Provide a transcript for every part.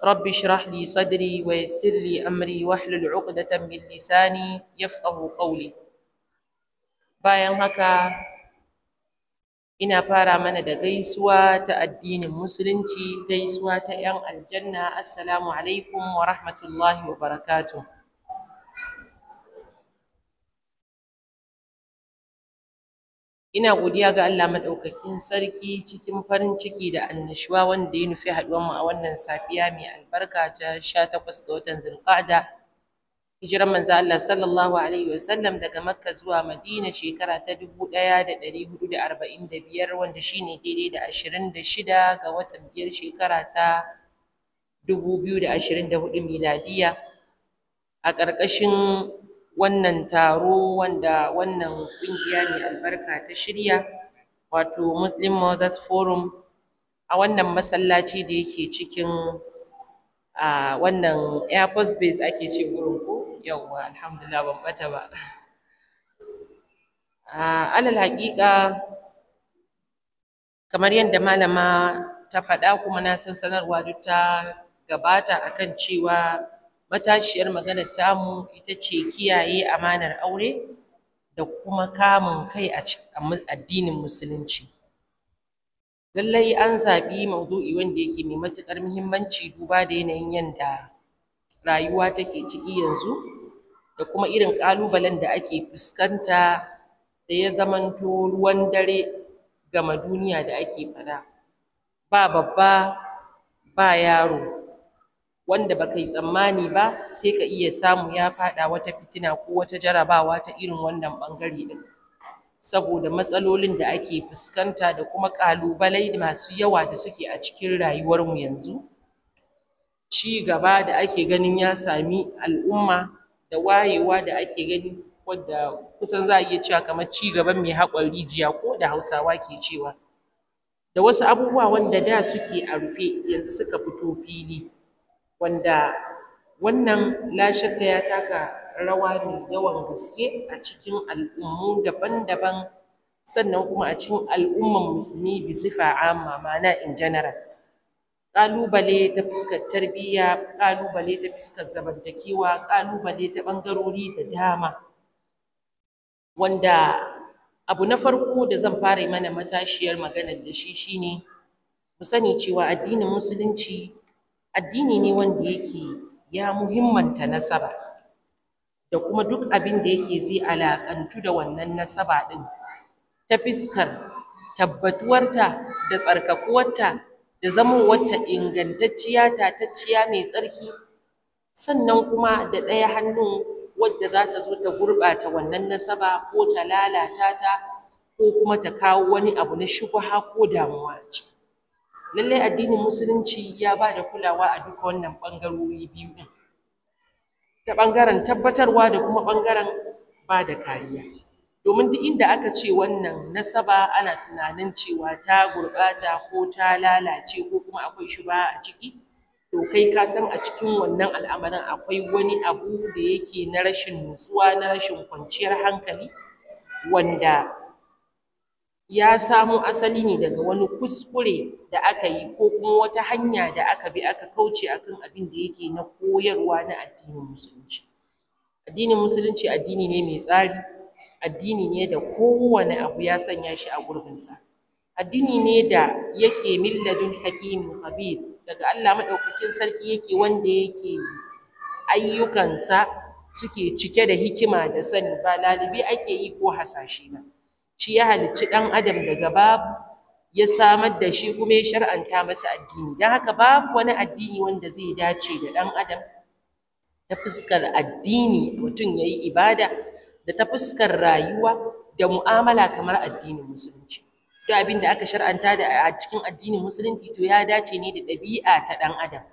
رب اشرح لي صدري ويسر لي أمري واحلل عقدة من لساني يفقه قولي bayan haka ina fara mana da gaisuwa ta addinin musulunci gaisuwa ta 'yan aljanna assalamu alaikum wa rahmatullahi wa barakatuh Ina godiya ga Allah maɗaukakin sarki cikin farin ciki da annashuwa wanda ya nufi mu a wannan safiya mai albarka ta sha takwas ga watan Zulqa'da. Hijiran manzo Allah sallallahu alaihi wa sallam, daga Makka zuwa Madina shekara ta dubu ɗaya da ɗari hudu da arba'in da biyar wanda shine daidai da ashirin da shida ga watan biyar shekara ta dubu biyu da ashirin da hudu miladiya. A ƙarƙashin wannan taro wanda wannan ƙungiya mai albarka ta shirya wato Muslim Mothers Forum a wannan masallaci da yake cikin a wannan Air Force Base ake ce gurin ko yawwa alhamdulillah ban ɓata ba a alal haƙiƙa kamar yadda malama ta faɗa kuma na san sanarwa duk ta gabata akan cewa matashiyar maganar tamu ita ce kiyaye amanar aure da kuma kamun kai a addinin musulunci lallai an zaɓi maudu'i wanda yake mai matuƙar muhimmanci duba da yanayin yanda rayuwa take ciki yanzu da kuma irin ƙalubalen da ake fuskanta da ya zamanto ruwan dare gama duniya da ake faɗa ba babba ba yaro wanda baka yi tsammani ba sai ka iya samu ya faɗa wata fitina ko wata jarabawa ta irin wannan ɓangare din, saboda matsalolin da ake fuskanta da kuma ƙalubalai masu yawa da suke a cikin rayuwarmu yanzu ci gaba da ake ganin ya sami al'umma da wayewa da ake gani wadda kusan za a iya cewa kamar ci gaban mai haƙon rijiya ko da hausawa ke cewa da wasu abubuwa wanda da suke a rufe yanzu suka fito fili wanda wannan lashirka ya taka rawa mai yawan gaske a cikin al'ummu daban-daban sannan kuma a cikin al'umman musulmi bi sifa amma ma'ana in general ƙalubale ta fuskar tarbiyya ƙalubale ta fuskar zamantakewa ƙalubale ta ɓangarori da dama wanda abu na farko da zan fara mana matashiyar maganar da shi shine mu sani cewa addinin musulunci addini ne wanda yake ya muhimmanta nasaba da kuma duk abin da yake zai alaƙantu da wannan nasaba ɗin ta fiskar tabbatuwarta da tsarkakuwarta da wata ingantacciya tatacciya mai tsarki sannan kuma da ɗaya hannun wadda za ta zo ta gurɓata wannan nasaba ko ta lalata ta ko kuma ta kawo wani abu na shubha ko damuwa lallai addinin musulunci ya ba da kulawa a duka wannan ɓangarori biyu ɗin ta ɓangaren tabbatarwa da kuma ɓangaren ba da kariya domin duk inda aka ce wannan nasaba ana tunanin cewa ta gurɓata ko ta lalace ko kuma akwai shuba a ciki to kai ka san a cikin wannan al'amarin akwai wani abu da yake na rashin nutsuwa na rashin kwanciyar hankali wanda ya samo asali ne daga wani kuskure da aka yi ko kuma wata hanya da aka bi aka kauce akan abin da yake na koyarwa na addinin musulunci addinin musulunci addini ne mai tsari addini ne da kowane abu ya sanya shi a gurbinsa addini ne da yake milladun hakimin habib daga Allah maɗaukakin sarki yake wanda yake ayyukansa suke cike da hikima da sani ba lalibi ake yi ko hasashe ba shi ya halicci ɗan adam daga babu ya samar da shi kuma ya shar'anta masa addini don haka babu wani addini wanda zai dace da ɗan adam ta fuskar addini mutum ya yi ibada da ta fuskar rayuwa da mu'amala kamar addinin musulunci duk abin da aka shar'anta da a cikin addinin musulunci to ya dace ne da ɗabi'a ta ɗan adam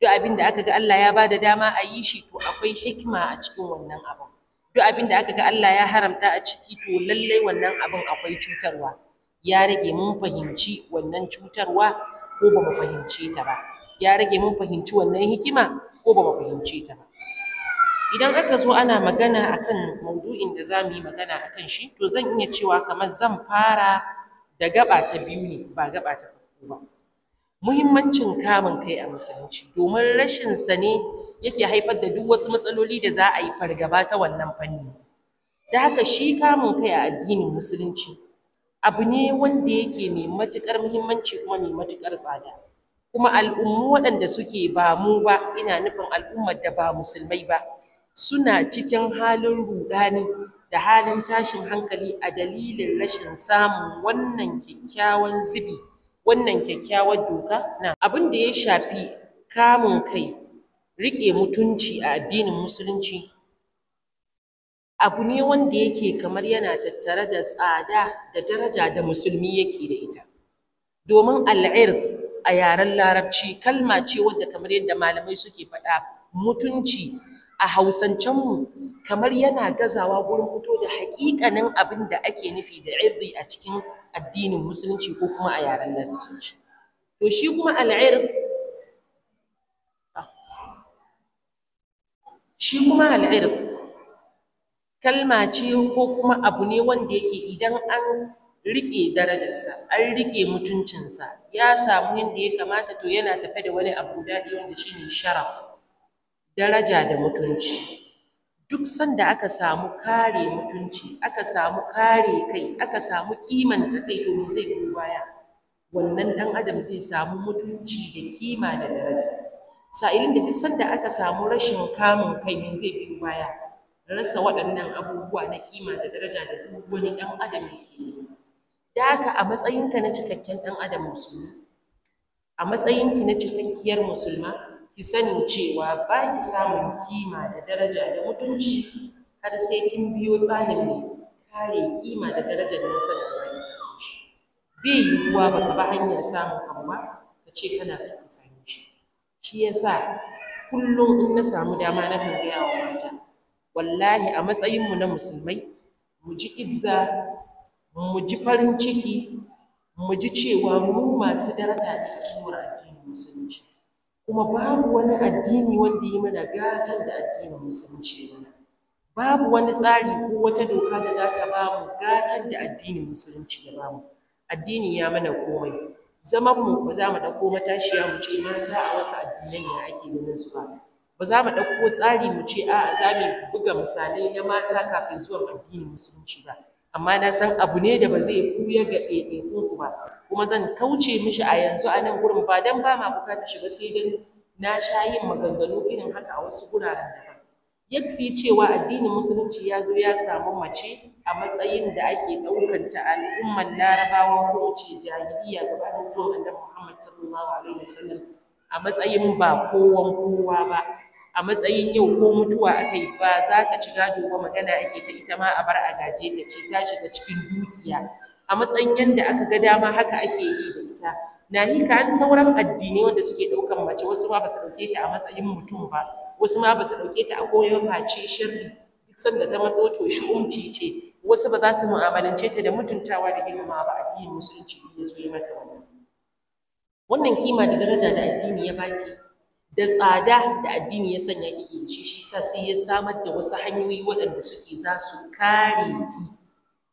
duk abin da aka ga Allah ya bada dama a yi shi to akwai hikima a cikin wannan abin duk abin da aka ga Allah ya haramta a ciki to lallai wannan abin akwai cutarwa ya rage mun fahimci wannan cutarwa ko ba mu fahimce ta ba ya rage mun fahimci wannan hikima ko ba mu fahimce ta ba idan aka zo ana magana akan maudu'in da za mu yi magana akan shi to zan iya cewa kamar zan fara da gaba ta biyu ne ba gaba ta farko ba muhimmancin kamun kai a musulunci domin rashinsa ne yake haifar da duk wasu matsaloli da za a yi fargaba ta wannan fanni da haka shi kamun kai a addinin musulunci abu ne wanda yake mai matuƙar muhimmanci kuma mai matuƙar tsada kuma al'ummu waɗanda suke ba mu ba ina nufin al'ummar da ba musulmai ba suna cikin halin rudani da halin tashin hankali a dalilin rashin samun wannan kyakkyawan zubi wannan kyakkyawar doka na abin da ya shafi kamun kai riƙe mutunci a addinin musulunci abu ne wanda yake kamar yana tattare da tsada da daraja da musulmi yake da ita domin al'irz a yaren larabci kalma ce wadda kamar yadda malamai suke faɗa mutunci a hausancenmu kamar yana gazawa gurin fito da haƙiƙanin abin da ake nufi da irri a cikin addinin musulunci ko kuma a yaren musulunci to shi kuma al'irq shi kuma al'irq kalma ce ko kuma abu ne wanda yake idan an rike darajarsa an rike mutuncinsa ya samu yadda ya kamata to yana tafe da wani abu daɗi wanda shine sharaf daraja da mutunci duk sanda aka samu kare mutunci aka samu kare kai aka samu kimanta kai to zai yi baya wannan dan adam zai samu mutunci da kima da daraja sa'ilin da duk sanda aka samu rashin kamun kai ne zai yi baya rasa waɗannan abubuwa na kima da daraja da duk wani dan adam yake yi da haka a matsayinka na cikakken dan adam musulmi a matsayinki na cikakkiyar musulma ki sani cewa ba ki samun kima da daraja da mutunci har sai kin biyo tsarin mai kare kima da darajar da nasara za ki samu shi Bi yiwuwa ba ka ba hanyar samun abu ba ka ce kana so ka same shi shi yasa kullum in na samu dama na kan gaya wa mata wallahi a matsayinmu na musulmai mu ji izza mu ji farin ciki mu ji cewa mu masu daraja ne a cikin addinin musulunci kuma babu wani addini wanda ya mana gatan da addinin musulunci mana babu wani tsari ko wata doka da za ta ba mu da addinin musulunci ya ba mu addini ya mana komai zaman mu ba za mu ɗauko matashiya mu ce mata a wasu addinai ne ake ganin su ba ba za mu ɗauko tsari mu ce a'a za mu buga misalai na mata kafin zuwan addinin musulunci ba amma na san abu ne da ba zai buya ga ɗaiɗaikun ba kuma zan kauce mishi a yanzu a nan gurin ba don ba ma bukata shiga sai dan na sha yin maganganu irin haka a wasu guraren daban fi cewa addinin musulunci ya zo ya samu mace a matsayin da ake ɗaukanta al'ummar larabawa ko ce jahiliya gabanin zuwan annabi Muhammad sallallahu alaihi wasallam a matsayin ba kowan kowa ba a matsayin yau ko mutuwa akai ba za ka ci gado ba magana ake ta ita ma a bar a gaje ta ce ta shiga cikin dukiya a matsayin yanda aka ga dama haka ake yi da ita Na yi ka an sauran addinai wanda suke ɗaukan mace wasu ma ba su ɗauke ta a matsayin mutum ba wasu ma ba su ɗauke ta a koyon face shirri duk sanda ta matso to umci ce wasu ba za su mu'amalance ta da mutuntawa da girma ba addinin musulunci ya zo yi mata wannan wannan kima da daraja da addini ya baki da tsada da addini ya sanya kike shi sa sai ya samar da wasu hanyoyi waɗanda suke za su kare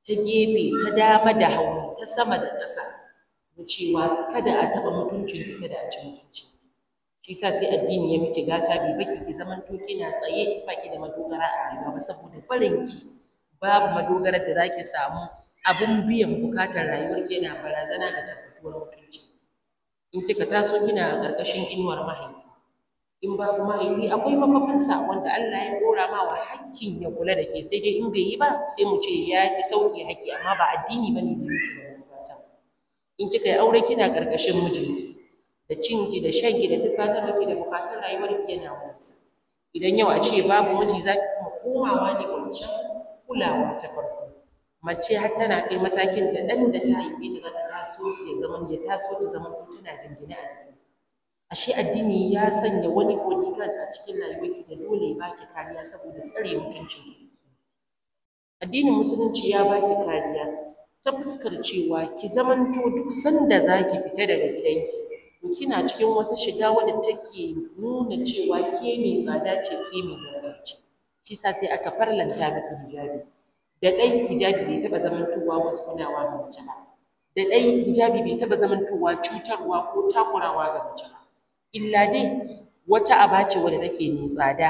ki ta gefe ta dama da hagu ta sama da ƙasa da cewa kada a taɓa mutuncin ki kada a ci mutunci shi sa sai addini ya miki gata bai baki ki zaman to kina tsaye ba ki da madogara a rayuwa ba saboda barin ki babu madogarar da za ki samu abin biyan bukatar rayuwar ki yana barazana da tabbatuwar mutunci in kika taso kina ƙarƙashin inuwar mahaifi in babu mahaifi akwai mafafinsa wanda Allah ya dora ma wa hakkin ya kula da ke sai dai in bai yi ba sai mu ce ya ki sauke haƙƙi amma ba addini bane da yake in kika yi aure kina karkashin miji da ki, da ki, da tufatar ke da bukatun rayuwar ki yana wasa idan yau a ce babu miji za ki kuma komawa ne wancan kulawa ta farko mace har tana kai matakin da ɗan da ta haife ta za ta taso ya zama ya taso ta zama tana jingine a jikinsa ashe addini ya sanya wani bodyguard a cikin rayuwarki da dole ya baki kariya saboda tsare mutuncin ki addinin musulunci ya baki kariya ta fuskar cewa ki zamanto duk sanda zaki fita daga gidanki to kina cikin wata shiga wadda take nuna cewa ke mai tsada ce ke mai gargaci shi yasa sai aka farlanta miki hijabi da ɗan hijabi bai taɓa zamantowa wasu kunawa ga mace ba da ɗan hijabi bai taɓa zamantowa cutarwa ko takurawa ga mace illa dai wata aba ce wadda take mai tsada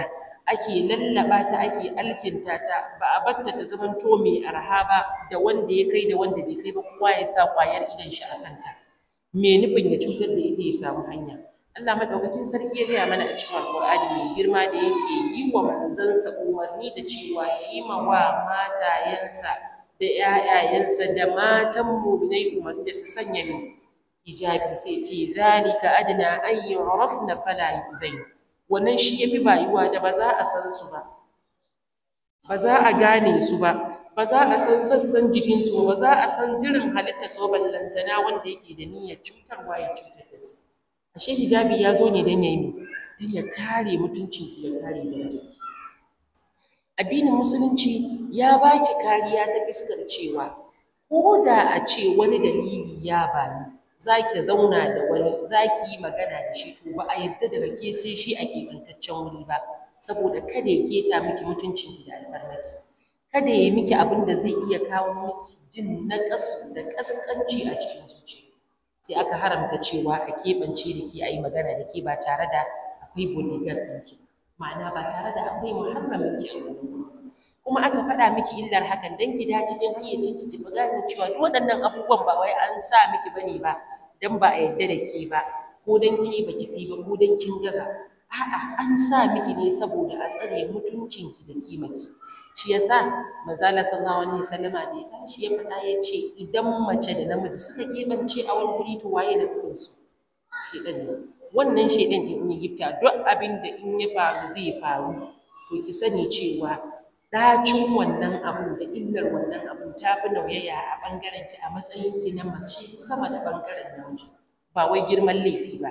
ake lallaɓa ta ake alkinta ta ba a batta ta zamanto mai arha ba da wanda ya kai da wanda bai kai ba kowa ya sa kwayar idon shi a kanta me nufin ya cutar da ita ya samu hanya Allah madaukakin sarki ya gaya mana a cikin Alƙur'ani mai girma da yake yi wa manzansa umarni da cewa ya yi ma wa matayensa da ‘ya'yayensa da matan muminai umarni da su sanya mai hijabi sai ce zalika adna an yurafna fala yuzain wannan shi yafi bayuwa da ba za a san su ba ba za a gane su ba ba za a san sassan jikin su ba za a san jirin halitta so ba lantana wanda yake da niyyar cutarwa ya cutar da su ashe hijabi ya zo ne dan ya yi don ya kare mutunci ya kare darajar addinin musulunci ya baki kariya ta fiskar cewa ko da a ce wani dalili ya bani zaki zauna da wani zaki yi magana da shi to ba a yadda daga ke sai shi ake bantaccen wuri ba saboda kada ya keta miki mutuncin ki da alfarmaki kada ya yi miki abin da zai iya kawo miki jin naƙasu da ƙasƙanci a cikin zuci sai aka haramta cewa a keɓance da ke a yi magana da ke ba tare da akwai bodyguard ɗinki ma'ana ba tare da akwai muharramin ki kuma aka faɗa miki illar hakan dan ki da cikin hayyacin ki ki gane cewa duk waɗannan abubuwan ba wai an sa miki bane ba dan ba a yarda da ke ba ko dan ke ki kai ba ko dan kin gaza a'a an sa miki ne saboda a tsare mutuncin ki da kimanki shi yasa mazala sallallahu alaihi wasallama da ya tashi ya faɗa ya ce idan mace da namiji suka kebance a wani guri to waye da shi shedan ne wannan in ya gifta duk abin da in ya faru zai faru to ki sani cewa ɗacin wannan abun da illar wannan abun ta fi nauyaya a ɓangaren ki a matsayin ki na mace sama da ɓangaren namiji ba wai girman laifi ba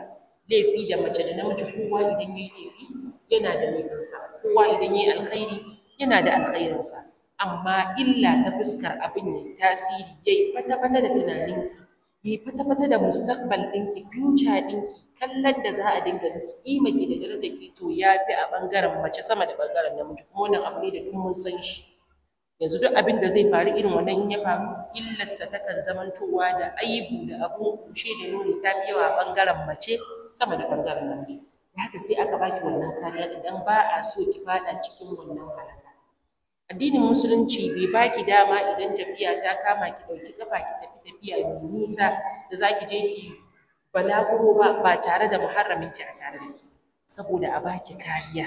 laifi da mace da namiji kowa idan yayi laifi yana da laifinsa kowa idan yayi alkhairi yana da alkhairinsa amma illa ta fuskar abin yayi tasiri yayi fata-fata da tunaninki yi fata-fata da mustaqbal ɗinki future ɗinki kallon da za a dinga miki ƙima ki da darajar ki to ya fi a ɓangaren mace sama da ɓangaren namiji kuma wannan abu ne da duk mun san shi yanzu duk abin da zai faru irin wannan in ya faru illarsa takan zamantowa da aibu da abu kushe da nuni ta fi yawa a ɓangaren mace sama da ɓangaren namiji ya haka sai aka baki wannan kariya idan ba a so ki faɗa cikin wannan halaka addinin musulunci bai baki dama idan tafiya ta kama ki ɗauki kafa ki tafi tafiya mai nisa da za ki je ki balaguro ba ba tare da muharramin ki a tare da ki saboda a baki kariya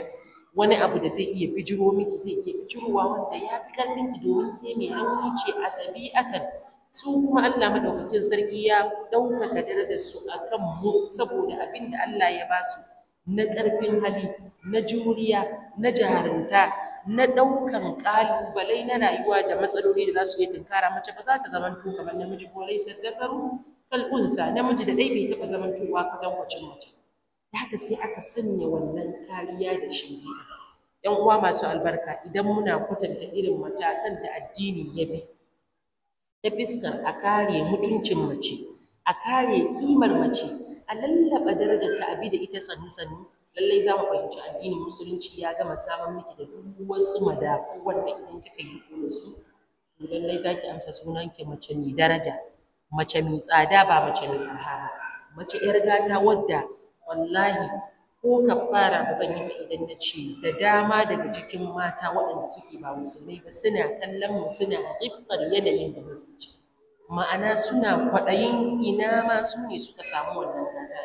wani abu da zai iya bijiro miki zai iya bijirowa wanda ya fi kallon ki domin ke mai rauni a ɗabi'atan su kuma Allah maɗaukakin sarki ya ɗaukaka darajar su kan mu saboda abin da Allah ya ba su na ƙarfin hali na juriya na jarumta na ɗaukan ƙalubalai na rayuwa da matsaloli da za su iya tunkara mace ba za ta zama to kamar namiji ko laisa zakaru kal unsa namiji da dai bai taɓa zama to wa dan mace da haka sai aka sanya wannan kariya da shi yan uwa masu albarka idan muna kwatanta irin matakan da addini ya bi ta fiskar a kare mutuncin mace a kare kimar mace a lallaba darajar ta abi da ita sannu sannu lallai za mu fahimci addinin musulunci ya gama samar miki da duk wasu madafu wanda idan kika yi da su to lallai za ki amsa sunan ki mace mai daraja mace mai tsada ba mace mai arha mace yar gata wadda wallahi ko ka fara ba zan yi ba idan na ce da dama daga cikin mata waɗanda suke ba musulmai ba suna kallon mu suna rifkar yanayin da muke ma'ana suna kwaɗayin ina ma su ne suka samu wannan gata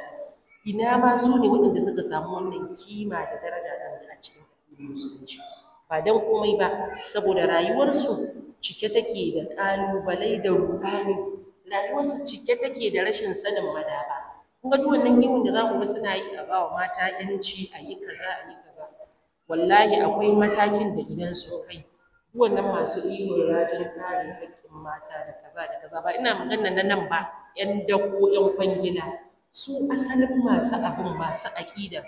ina ma su ne waɗanda suka samu wannan kima da daraja ɗin a cikin addinin musulunci ba don komai ba saboda rayuwarsu cike take da ƙalubalai da ruɗani rayuwarsu cike take da rashin sanin madaba kun ga duk wannan da za ku suna yi a ba wa mata 'yanci, a yi kaza a yi kaza wallahi akwai matakin da idan sun kai duk wannan masu ihun rajin kare haƙƙin mata da kaza da kaza ba ina magana na nan ba 'yan dako 'yan kwangila su asalin masu abin masu aƙida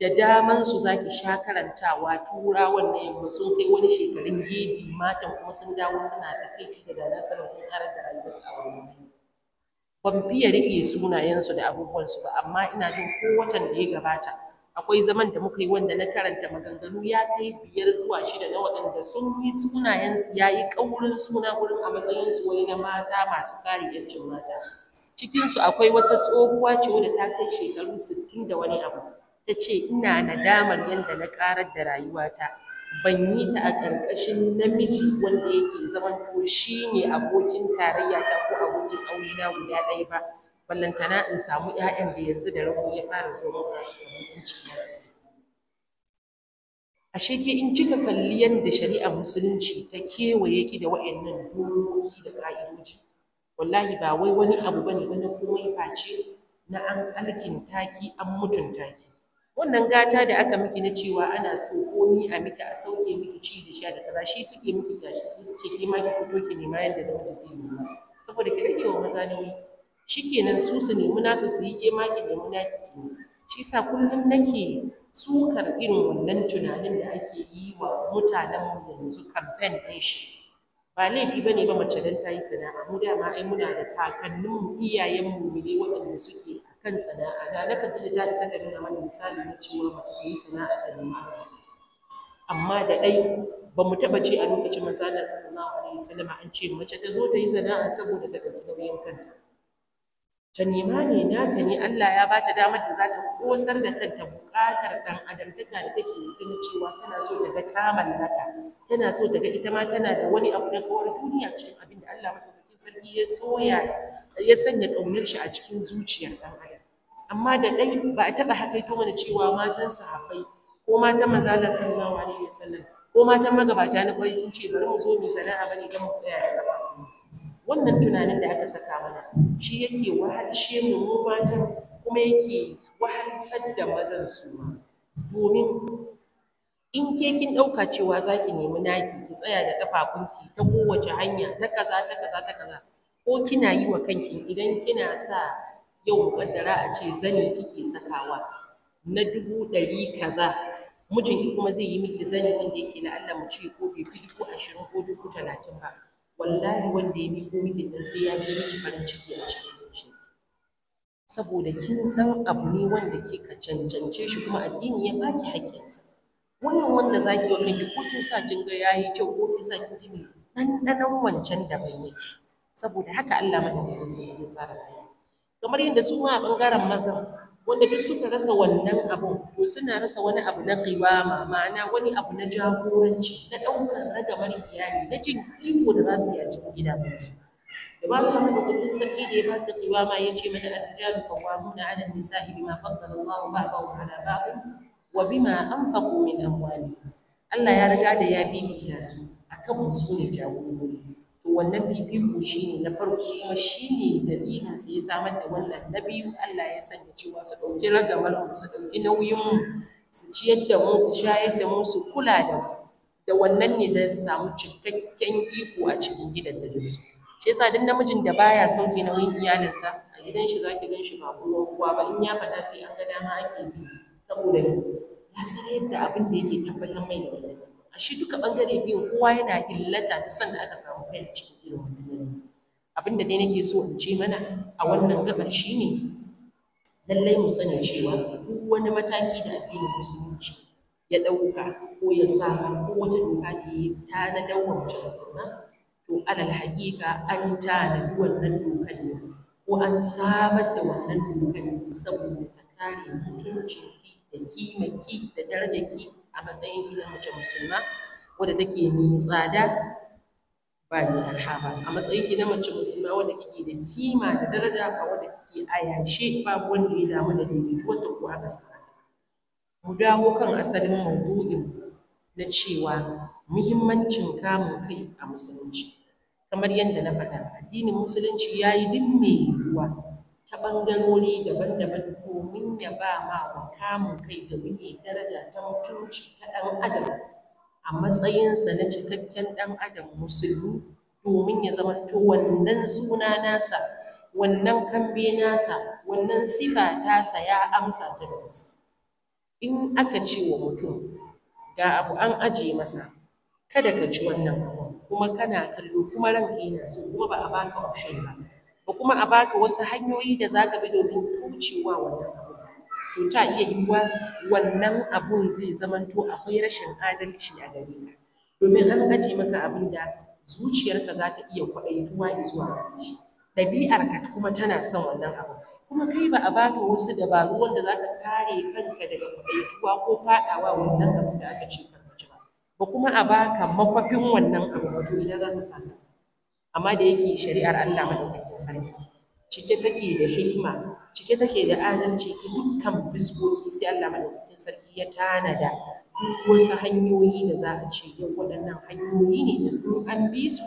da daman su zaki sha karantawa turawan ne yamma sun kai wani shekarun geji matan kuma sun dawo suna takaici da dana sanin sun rayuwar su a wani ban fiye rike sunayensu da abubuwansu ba amma ina jin ko watan da ya gabata akwai zaman da muka yi wanda na karanta maganganu ya kai biyar zuwa shida na waɗanda sun yi sunayensu ya yi ƙaurin suna wurin a matsayinsu wani na mata masu kare 'yancin mata cikinsu akwai wata tsohuwa ce wadda ta kai shekaru sittin da wani abu ta ce ina nadamar yadda na ƙarar da rayuwata ban yi ta a ƙarƙashin namiji wanda yake zamanto shi ne abokin tarayya ta ko abokin aure na guda ɗaya ba ballantana in samu ƴaƴan da yanzu da rago ya fara zo ba su samu ba. ashe ke in kika kalli yadda shari'ar musulunci ta kewaye ki da wa'annan dokoki da ƙa'idoji wallahi ba wai wani abu bane wani komai face na an alkinta taki an mutunta ki wannan gata da aka miki na cewa ana so komi a miki a sauke miki ci da sha da kaza shi suke miki gashi sai su suke ke ma ki fito ki nema yadda namiji zai nema saboda ki rage wa maza nauyi shikenan su su nemi nasu su yi ke ma ki nemi naki ki shi yasa kullum nake sukar irin wannan tunanin da ake yi wa mutanen mu yanzu kamfen ɗin shi ba laifi ne ba mace dan ta yi sana'a mu dama ai muna da kakanninmu iyayenmu ne waɗanda suke akan sana'a da na Khadija ta isa da nuna mana misali na cewa mace ta yi sana'a ta noma amma da ɗai ba mu taɓa ce a lokacin manzo Allah sallallahu alaihi wasallam an ce mace ta zo ta yi sana'a saboda ta ɗauki nauyin kanta ta nema ne ta ne Allah ya ba ta damar da za ta kosar da kanta bukatar ɗan adam ta tare ke ganin cewa tana so ta ga ta mallaka tana so ta ga ita ma tana da wani abu na kawar duniya cikin abin da Allah madaukakin sarki ya soya ya sanya ƙaunar shi a cikin zuciyar ɗan adam amma da ɗai ba a taɓa hakaito mana cewa matan sahabbai ko matan maza Allah sallallahu alaihi wasallam ko matan magabata na kwai sun ce bari mu zo mu sana'a bane don mu tsaya da kafa wannan tunanin da aka saka mana shi yake wahalshe mu mu kuma yake wahalsar da mazan su ma domin in ke kin ɗauka cewa za ki nemi naki ki tsaya da ƙafafunki ta kowace hanya ta kaza ta kaza ta kaza ko kina yi wa kanki idan kina sa yau muƙaddara a ce zani kike sakawa na dubu ɗari kaza mijinki kuma zai yi miki zani wanda yake na Allah mu ce ko bai fi dubu ashirin ko dubu talatin ba wallahi wanda ya miko miki din sai ya bi miki farin ciki a cikin zuciya saboda kin san abu ne wanda kika cancance shi kuma addini ya baki haƙƙinsa wannan wanda zaki wa wani ko kin sa kin ga yayi kyau ko kin sa kin ji me ɗanɗanon wancan ban yake saboda haka Allah madaukakin sarki ya tsara kamar yadda su ma a ɓangaren maza wanda duk suka rasa wannan abun to suna rasa wani abu na qiwama ma'ana wani abu na jagoranci na ɗaukar ragamar iyali na jin iko da za su yi a cikin gidajensu da ba kamar da kudin sarki da ya su qiwama ya ce mana al-rijalu qawwamuna 'ala an-nisa'i bima faddala Allahu ba'dahum 'ala ba'd wa bima anfaqu min amwalihim Allah ya riga da ya bibita su akan su ne jagorori to wannan fifiko shi ne na farko kuma shi ne dalilin su ya samar da wannan na biyu Allah ya sanya cewa su ɗauki ragamar su ɗauki nauyin mu su ciyar da mu su shayar da mu su kula da mu da wannan ne zai samu cikakken iko a cikin gidan da su shi yasa duk namijin da baya sauke nauyin iyalinsa a gidan shi zaki gan shi ba kowa kowa ba in ya faɗa sai an ga dama ake bi saboda ya san yadda abin da yake tabbatar mai da shi duka bangare biyun kowa yana illata duk sanda aka samu kai a cikin irin wannan abinda dai nake so in ce mana a wannan gabar shine lallai mu sani cewa duk wani mataki da addinin musulunci ya ɗauka ko ya sa ko wata doka da ya ta na mace musulma to alal haƙiƙa an tanadi wannan dokar ne ko an samar da wannan dokan ne saboda ta kare mutuncinki da kimaki da ki a matsayin ita mace musulma wadda take mai tsada ba mai arha ba a matsayin gidan mace musulma wadda kike da kima da daraja ba wadda kike a yashe babu wanda ya damu da ko wata ko haka saka mu dawo kan asalin maudu'in na cewa muhimmancin kamun kai a musulunci kamar yadda na faɗa addinin musulunci ya yi duk mai ruwa ta ɓangarori daban-daban domin ya ba ma kamun kai da muke daraja ta mutunci ta ɗan adam a matsayinsa na cikakken ɗan adam musulmi domin ya zama zamanto wannan suna nasa wannan kambe nasa wannan sifa tasa ya amsa ta nasa in aka ce wa mutum ga abu an aje masa kada ka ci wannan kuma kana kallo kuma ranka yana so kuma ba a baka option ba ba kuma a baka wasu hanyoyi da zaka bi domin kaucewa wannan to ta iya yiwuwa wannan abun zai zamanto akwai rashin adalci a gare ka domin an aje maka abin da zuciyarka za ta iya kwaɗaituwa zuwa gare shi ɗabi'arka kuma tana son wannan abu kuma kai ba a baka wasu dabaru wanda za ka kare kanka daga kwaɗaituwa ko faɗawa wannan abu da aka ce ka ba ba kuma a baka makwafin wannan abu ba idan za ka saka amma da yake shari'ar Allah madaukakin sarki cike take da hikima cike take da adalci ta dukkan biskoki sai Allah madaukakin sarki ya tanada duk wasu hanyoyi da za a ce yau waɗannan hanyoyi ne in an bi su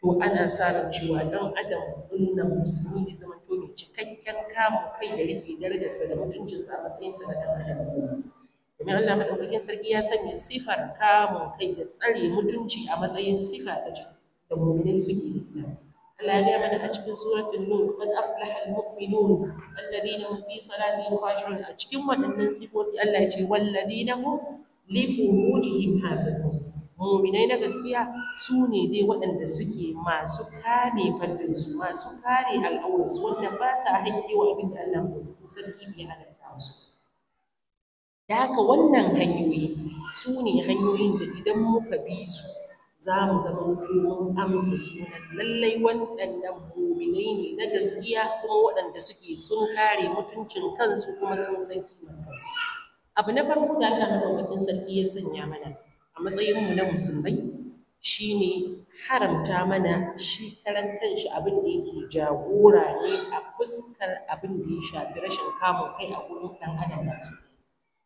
to ana sa ran cewa dan adam wannan musulmi zai zama to mai cikakken kamun kai da rike darajarsa da mutuncinsa a matsayinsa na dan adam domin Allah madaukakin sarki ya sanya sifar kamun kai da tsare mutunci a matsayin sifa ta da muminai suke da Allah ya mana a cikin suratul nur qad aflaha almu'minun alladhina hum fi salatihim khashi'un a cikin waɗannan sifofi Allah ya ce walladhina hum li furujihim hafizun mu'minai na gaskiya su ne dai waɗanda suke masu kare fardin su kare al'auran su wanda ba sa hanke wa abin Allah ya sarki bai halatta musu da haka wannan hanyoyi su ne hanyoyin da idan muka bi su za mu zama mun amsa sunan lallai waɗannan muminai ne na gaskiya kuma waɗanda suke sun kare mutuncin kansu kuma sun san kiman kansu abu na farko da Allah madaukakin sarki ya sanya mana a matsayin mu na musulmai shine haramta mana shi karan kanshi abin da yake jagora ne a fuskar abin da ya shafi rashin kamun kai a gurin ɗan adam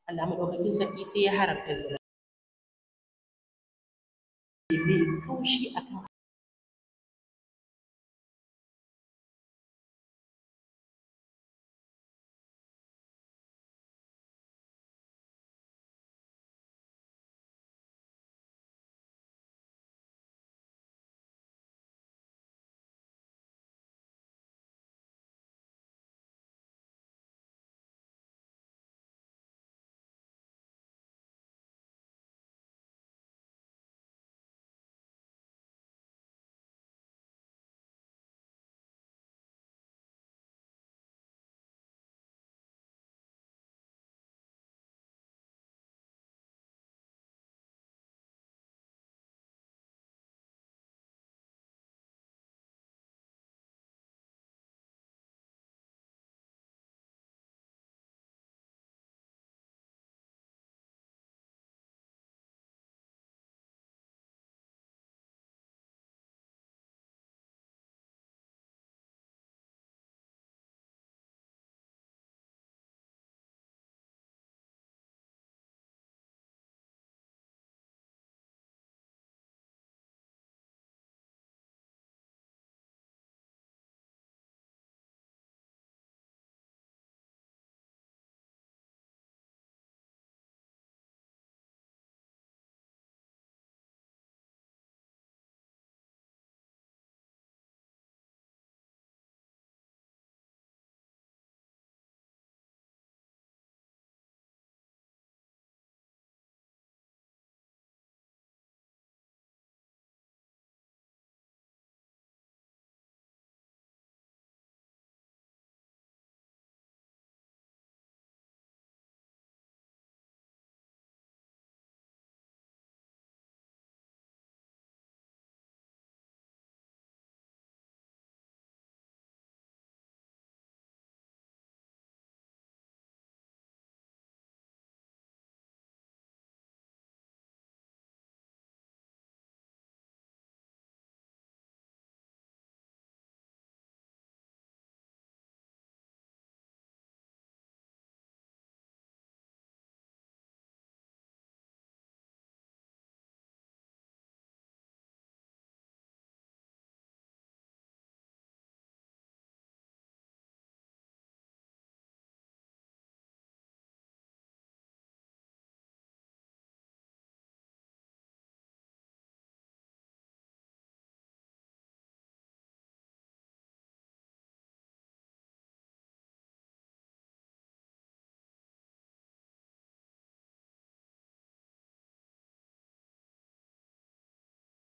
Allah madaukakin sarki sai ya haramta zina mai kaushi akan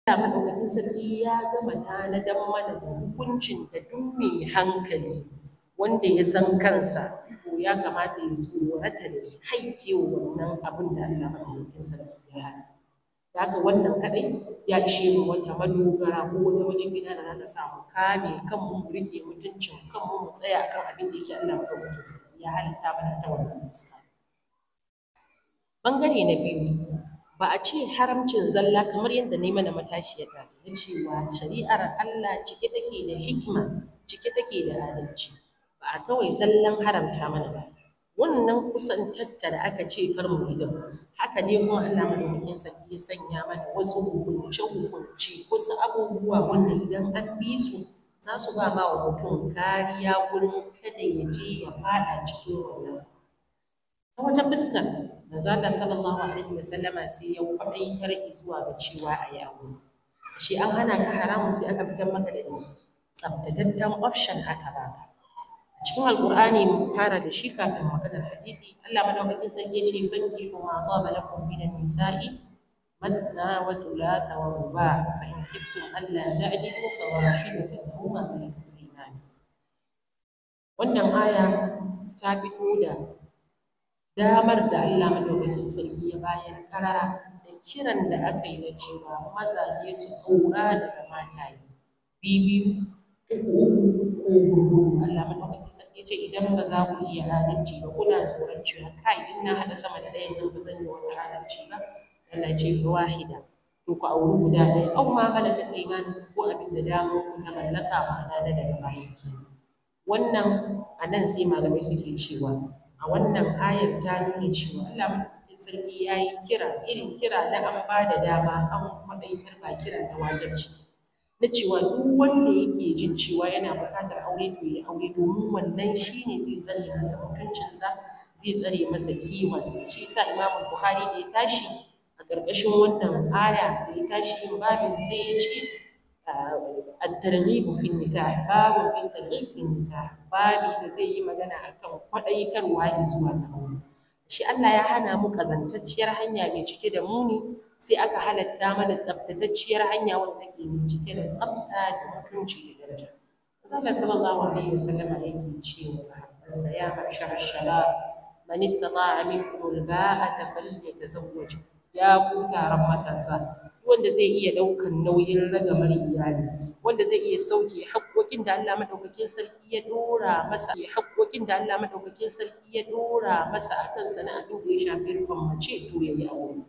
Allah Maɗaukakin Sarki ya gama tanadar mana da hukuncin da duk mai hankali wanda ya san kansa to ya kamata ya tsorata da haikewa wannan abin da Allah Maɗaukakin Sarki ya yi, haka wannan kaɗai ya ishe mu wata madogara ko wata wajen gida da za ta sa mu kame kanmu mu riƙe mutuncin kanmu mu tsaya akan abin da yake Allah Maɗaukakin Sarki ya halitta mana ta wannan fuska. Ɓangare na biyu ba a ce haramcin zalla kamar yadda ne mana matashi ya tasu da cewa shari'ar Allah cike take da hikima cike take da adalci ba a kawai zallan haramta mana ba wannan kusan da aka ce kar mu idan haka ne kuma Allah madaukakin sarki ya sanya mana wasu hukunce hukunce wasu abubuwa wanda idan an bi su za su ba ma wa mutum kariya gurin kada ya je ya fada cikin wannan ta wata fuskar manzo Allah sallallahu alaihi wa sallama sai ya kwaɗayi zuwa ga cewa a yawo aure shi an hana ka haramun sai aka fitar maka da tsabtataccen option aka baka a cikin alqur'ani mu fara da shi kafin maganar hadisi Allah madaukakin sarki ya ce fanki kuma qaba lakum minan nisa'i مثنى وثلاث ورباع فإن خفتم ألا تعدلوا فواحدة أو ما ملكت أيمانكم wannan aya ta fito da damar da Allah madaukakin sarki ya bayar karara da kiran da aka yi na cewa ne su ƙaura daga mata ne, uku ko gudu. Allah madaukakin sarki ya ce idan ba za ku iya halarci ba kuna tsoron cewa kai in na haɗa sama da ɗayan nan ba zan yi wani halarci ba Allah ce wahida to ku auri guda ɗaya au ma halatta imanin ko abin da damar ku na mallaka ma'ana na daga baya wannan a nan sai malamai suke cewa a wannan ayar ta nuna cewa Allah sarki ya yi kira irin kira na an ba da dama an kwaɗaitar ba kira na wajibci na cewa duk wanda yake jin cewa yana buƙatar aure to ya aure domin wannan shine zai tsare masa mutuncinsa zai tsare masa kimarsa shi yasa Imam Bukhari da ya tashi a ƙarƙashin wannan aya da ya tashi yin babin sai ya ce الترغيب في النكاح باب في الترغيب في النكاح da zai yi magana akan kwaɗaitarwa ya zuwa shi Allah ya hana mu kazantacciyar hanya mai cike da muni sai aka halatta mana tsaftatacciyar hanya wanda take mai cike da tsafta da mutunci da daraja Allah sallallahu alaihi wasallam yake ce wa sahabbansa ya mashar shabab man istata'a minkum al-ba'a falyatazawwaj ya ku taron matasa wanda zai iya ɗaukan nauyin ragamar iyali wanda zai iya sauke haƙƙoƙin da Allah madaukakin sarki ya dora masa haƙƙoƙin da Allah madaukakin sarki ya dora masa akan sana abin da ya shafi rufin mace to yayi aure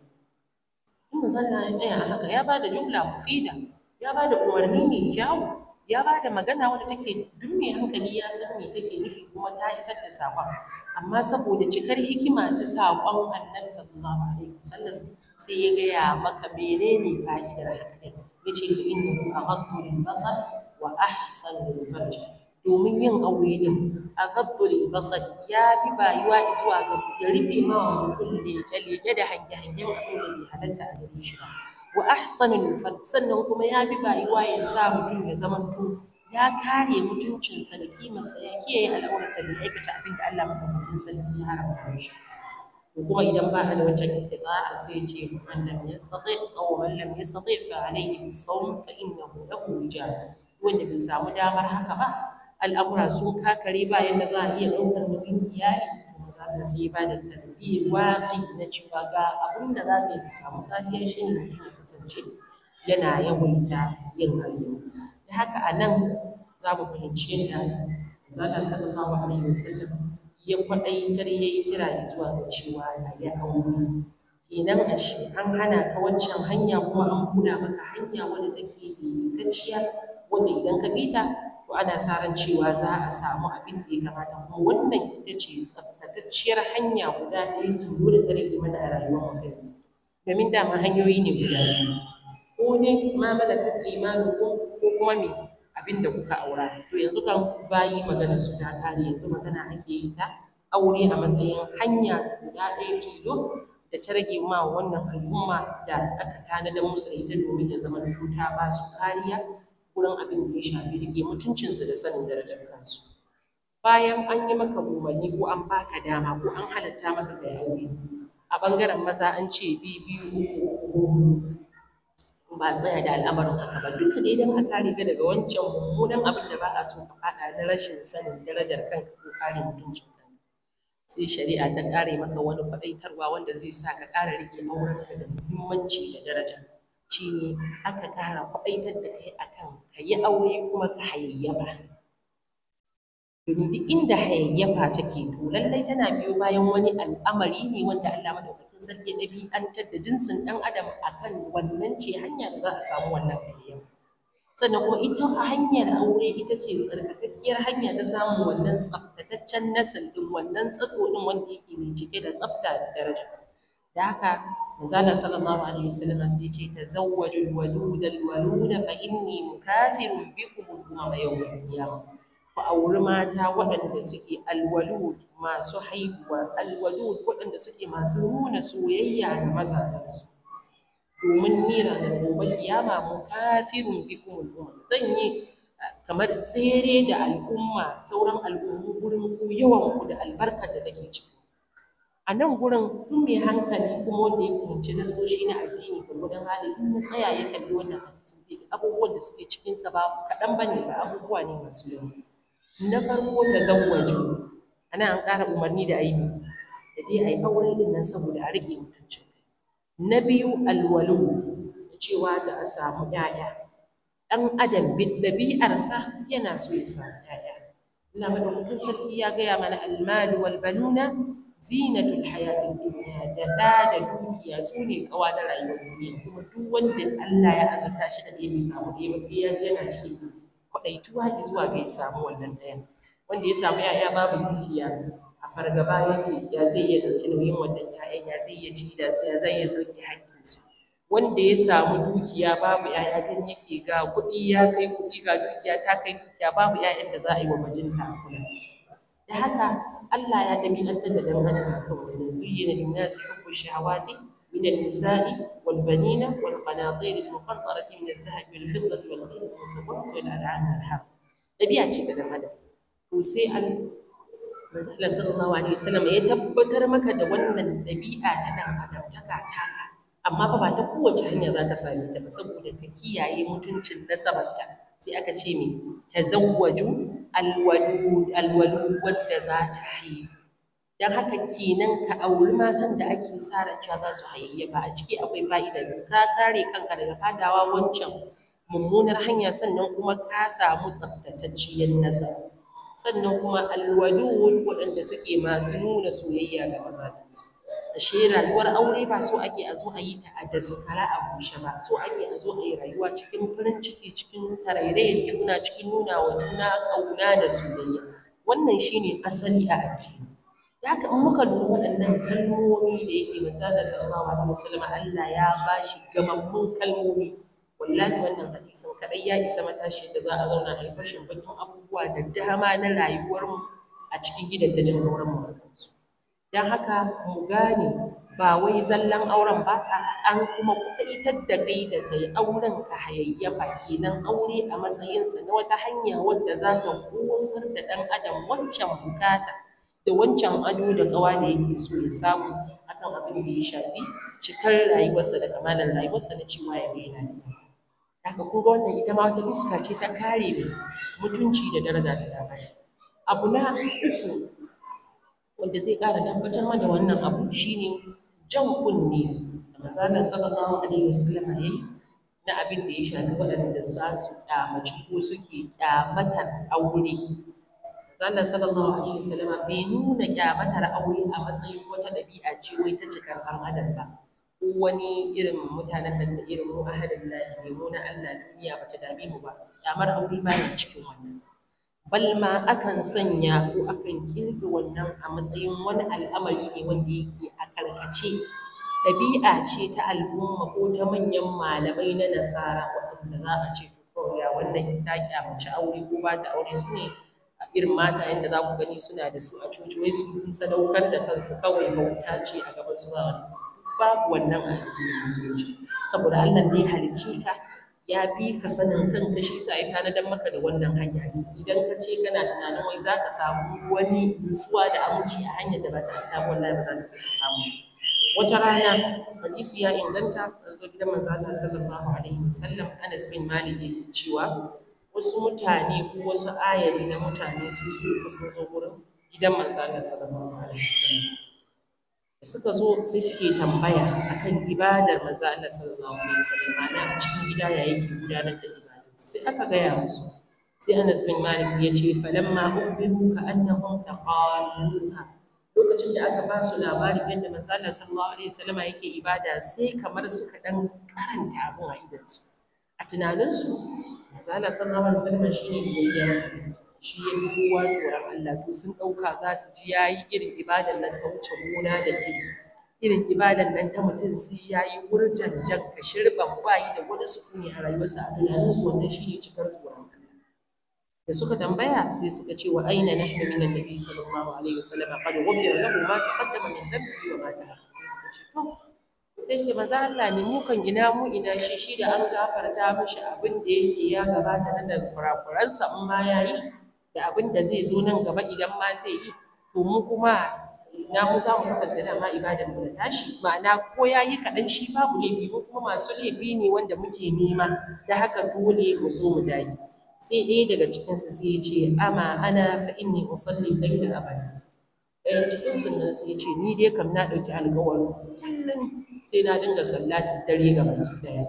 in zalla ya tsaya a haka ya bada jumla mufida ya bada umarni mai kyawu ya ba da magana wadda take duk mai hankali ya san me take nufi kuma ta isar da saƙon amma saboda cikar hikima ta saƙon annabi sallallahu alaihi wasallam sai ya gaya maka menene fa'idar hakan ya ce fa innahu aghaddu lil-basar wa ahsanu lil-farj domin yin aure din aghaddu lil-basar ya fi bayuwa zuwa ga ya rufe mawa mutum leke-leke da hange-hangen abin da bai halatta a gare shi ba wa ahsanul fan sannan kuma ya bi bayuwa ya sa mutum ya zamanto ya kare mutuncinsa da kimarsa ya kiyaye al'aurarsa bai aikata abin da Allah madaukakin sarki ya haramta shi ko kuma idan ba ka da wancan istita'a sai ya ce man lam yastati aw man lam yastati fa alayhi bis-sawm fa innahu lahu wijal wanda bai samu damar haka ba al'amura sun kakare ba yadda za a iya ɗaukar nauyin iyali wasallam sai ba da tarbiyya waƙi na cewa ga abin da za ka yi ka samu kariya shi ne mutum ya kasance yana yawaita yin azumi da haka a nan za mu fahimci yadda zalla sallallahu alaihi wasallam ya kwaɗaitar ya yi kira zuwa ga cewa ya yi aure kenan ashe an hana ka waccan hanya kuma an buɗa maka hanya wadda take ingantacciya wanda idan ka bi ta to ana sa ran cewa za a samu abin da ya kamata kuma wannan ita ce tsab tabbatacciyar hanya guda ɗaya tilo da ta rage mana a rayuwar mu kai domin ma hanyoyi ne guda biyu ko ne ma malakat imanukum ko kuma me abin da kuka aura to yanzu kan bayi magana su ta kare yanzu magana ake yi ta aure a matsayin hanya guda ɗaya tilo da ta rage ma wannan al'umma da aka tanadar musu ita domin ya zama tuta ba su kariya wurin abin da ya shafi rike mutuncinsu da sanin darajar kansu bayan an yi maka umarni ko an baka dama ko an halatta maka kai aure a bangaren maza an ce bi biyu ba tsaya da al'amarin haka ba duka dai don ka kare daga wancan mummunan abin da ba a so ka faɗa na rashin sanin darajar kanka ko kare mutuncin sai shari'a ta ƙare maka wani faɗaitarwa wanda zai sa ka ƙara riƙe aurenka da muhimmanci da daraja shine aka ƙara faɗaitar da kai akan ka yi aure kuma ka hayayyafa domin duk inda hayayyafa take to lallai tana biyo bayan wani al'amari ne wanda Allah madaukakin sarki ya An da jinsin ɗan adam akan wannan ce hanya da za a samu wannan hayayyafa sannan kuma ita hanyar aure ita ce tsarkakakkiyar hanya ta samun wannan tsaftataccen nasal ɗin wannan tsatso ɗin wanda yake mai cike da tsafta da daraja da haka manzala sallallahu alaihi wasallam sai ce tazawwajul wadud al walud fa inni mukasirun bikum yawm qiyamah ku auri mata waɗanda suke alwalud masu haihuwa alwalud waɗanda suke masu nuna soyayya da mazajensu domin ni ranar gobe kiyama mu kasirun bikum al'umma zan yi kamar tsere da al'umma sauran al'ummu gurin ku yawan ku da albarkar da take ciki a nan gurin duk mai hankali kuma wanda ya fahimci shi na addini wajen hali in ya tsaya ya kalli wannan zai abubuwan da suke cikinsa ba kaɗan bane ba abubuwa ne masu yawa na farko ta zawwaju ana an ƙara umarni da aibi da dai a aure din nan saboda a riƙe mutuncin na biyu alwalu cewa da a samu ‘ya'ya ɗan adam ɗabi'arsa yana so ya samu ‘ya'ya Allah mutum sarki ya gaya mana almalu wal banuna zinatul hayatin duniya da ɗa da dukiya su ne kawa rayuwar duniya kuma duk wanda Allah ya azurta shi da ɗaya bai samu ba sai yana cikin kwaɗaituwa zuwa ga ya samu wannan ɗayan wanda ya samu ‘ya'ya babu dukiya a fargaba yake ya zai iya ɗauki nauyin wannan ‘ya'yan ya zai iya ci da su ya zai iya sauke su. wanda ya samu dukiya babu ‘ya'ya din yake ga kuɗi ya kai kuɗi ga dukiya ta kai dukiya babu ‘ya'yan da za a yi wa majinta a kula da su da haka Allah ya ɗabi'antar da ɗan adam akan wannan zayyana linnasi hubbu shawati من النساء والبنين والقناطير المقنطرة من الذهب والفضة والخيل والسبط والأنعام والحرث. نبيات شي كذا هذا. وسيء مثلا صلى الله عليه وسلم يتبتر مكة ون النبيئة تدعم أدم تكا تاكا. أما بابا تقوى شهنيا ذاك سامي تبسبوا لتكيا يمتنش النسبة سي أكا شيمي تزوجوا الولود الولود والدزات حيث don haka kenan ka auri matan da ake sa ran cewa za su hayayyafa a ciki akwai fa'ida ka kare kanka daga fadawa wancan mummunar hanya sannan kuma ka samu tsaftatacciyar nasara sannan kuma alwadud waɗanda suke masu nuna soyayya ga mazajensu ashe rayuwar aure ba so ake a zo a yi ta a daskara a bushe ba so ake a zo a yi rayuwa cikin farin ciki cikin tarairayar juna cikin nuna wa juna ƙauna da soyayya wannan shine asali a addini Ya ka muka lura waɗannan kalmomi da yake manzo Allah sallallahu alaihi wasallam Allah ya bashi gamammun kalmomi wallahi wannan hadisin kadai ya isa matashi da za a zauna a yi fashin bakin abubuwa da dama na rayuwarmu a cikin gidajen auren mu don haka mu gane ba wai zallan auren ba an kuma kuɗaitar da kai da kai auren ka hayayyafa kenan aure a matsayinsa na wata hanya wadda za ka kosar da ɗan adam wancan bukata da wancan ado da ƙawa da yake so ya samu akan abin da ya shafi cikar rayuwarsa da kamalar rayuwarsa na cewa ya daina haka kun ga wannan ita ma wata fuska ce ta kare mai mutunci da daraja ta dama abu na uku wanda zai ƙara tabbatar mana wannan abu shi ne jan kunne da manzon sallallahu alaihi wasallam ya yi na abin da ya shafi waɗanda za su ƙyamaci ko suke ƙyamatar aure Allah sallallahu alaihi wasallam bai nuna kyamatar aure a matsayin wata ɗabi'a ce wai ta cikar ɗan adam ba wani irin mutanen nan da irin mu ahadin lahi ne mu na Allah duniya bata dame mu ba kyamar aure ba ne cikin wannan Balma akan sanya ko akan kirga wannan a matsayin wani al'amari ne wanda yake a karkace ɗabi'a ce ta al'umma ko ta manyan malamai na nasara waɗanda za a ce to kawai wannan ta kyamaci aure ko ba ta aure su ne irin mata yadda za ku gani suna da su a coci su sun sadaukar da kansu kawai bauta ce a gaban su ba babu wannan a addinin musulunci saboda Allah ne halicce ka ya fi ka sanin kan ka shi sa ya don maka da wannan hanya idan ka ce kana tunanin wai za ka samu wani nutsuwa da amince a hanyar da ba ta ta wallahi ba za ka samu wata rana hadisi ya inganta an zo gidan manzo Allah sallallahu alaihi wasallam Anas bin Malik cewa wasu mutane ko wasu ayari na mutane su su sun zo wurin gidan manzo Allah sallallahu alaihi wasallam da suka zo sai suke tambaya akan ibadar manzo Allah sallallahu alaihi wasallam ma'ana a cikin gida ya yake gudanar da ibadar sai aka gaya musu sai Anas bin Malik ya ce falamma ukhbiru ka annahum taqalluha lokacin da aka ba su labarin yadda manzo Allah sallallahu alaihi wasallam yake ibada sai kamar suka dan karanta abin a su. a tunaninsu manzo Allah sallallahu alaihi wasallam ne godiya shi ya kowa tsoron Allah to sun ɗauka za su ji yayi irin ibadan nan ta wuce gona da iri irin ibadan nan ta mutum sai yayi wurjan jan ka shirban bayi da wani sukuni a rayuwarsa a tunaninsu wannan ne cikar tsoron da suka tambaya sai suka ce wa aina nahnu min annabi sallallahu alaihi wasallam qad ghufira lahu ma kaddama min dhanbihi wa ma ta'akhkhara sai suka ce to yake maza Allah ne mu kan ina mu ina shi shi da an gafarta mishi abin da yake ya gabata na daga kurakuransa in ma ya yi da abin da zai zo nan gaba idan ma zai yi to mu kuma na mu za mu da dama ibadan mu tashi ma'ana ko ya yi kaɗan shi babu laifi ko kuma masu laifi ne wanda muke nema da haka dole mu zo mu dai sai ɗaya daga cikinsu sai ya ce ama ana fa inni usalli bayna abadi ɗaya cikin sunan sai ce ni dai kam na ɗauki alƙawarin kullum sai na dinga sallatin dare ga baki daya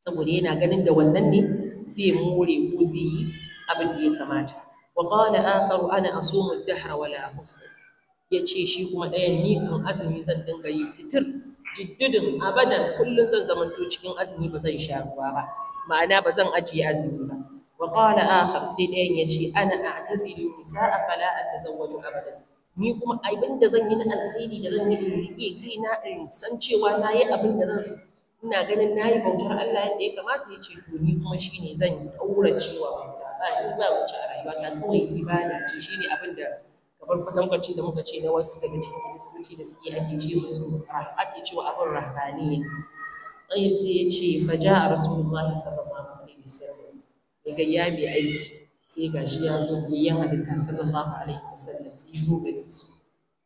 saboda yana ganin da wannan ne zai more ko zai yi abin da ya kamata wa qala akharu ana asumu ad-dahra wa la afṭir yace shi kuma ɗayan ni kan azumi zan dinga yi titir jiddidin abadan kullun zan zamanto cikin azumi ba zan sha ruwa ba ma'ana ba zan ajiye azumi ba wa qala akhar sai ɗayan yace ana a'tazilu sa'a fala atazawwaju abadan ni kuma abin da zan yi na alheri da zan yi in riƙe kaina in san cewa na yi abin da zan ina ganin na yi bautar Allah yadda ya kamata ya ce to ni kuma shi ne zan yi cewa. ba ni ba mace a rayuwa rayuwata kawai ibada ce shi ne abin da kamar kwatankwacin da muka ce na wasu daga cikin kiristoci da suke ake ce musu ake cewa abin rahaniya ɗaya sai ya ce faja a rasulullahi sallallahu alaihi wasallam ya ga ya bi aiki sai ga shi ya zo yan halitta sallallahu alaihi wasallam sai zo gare su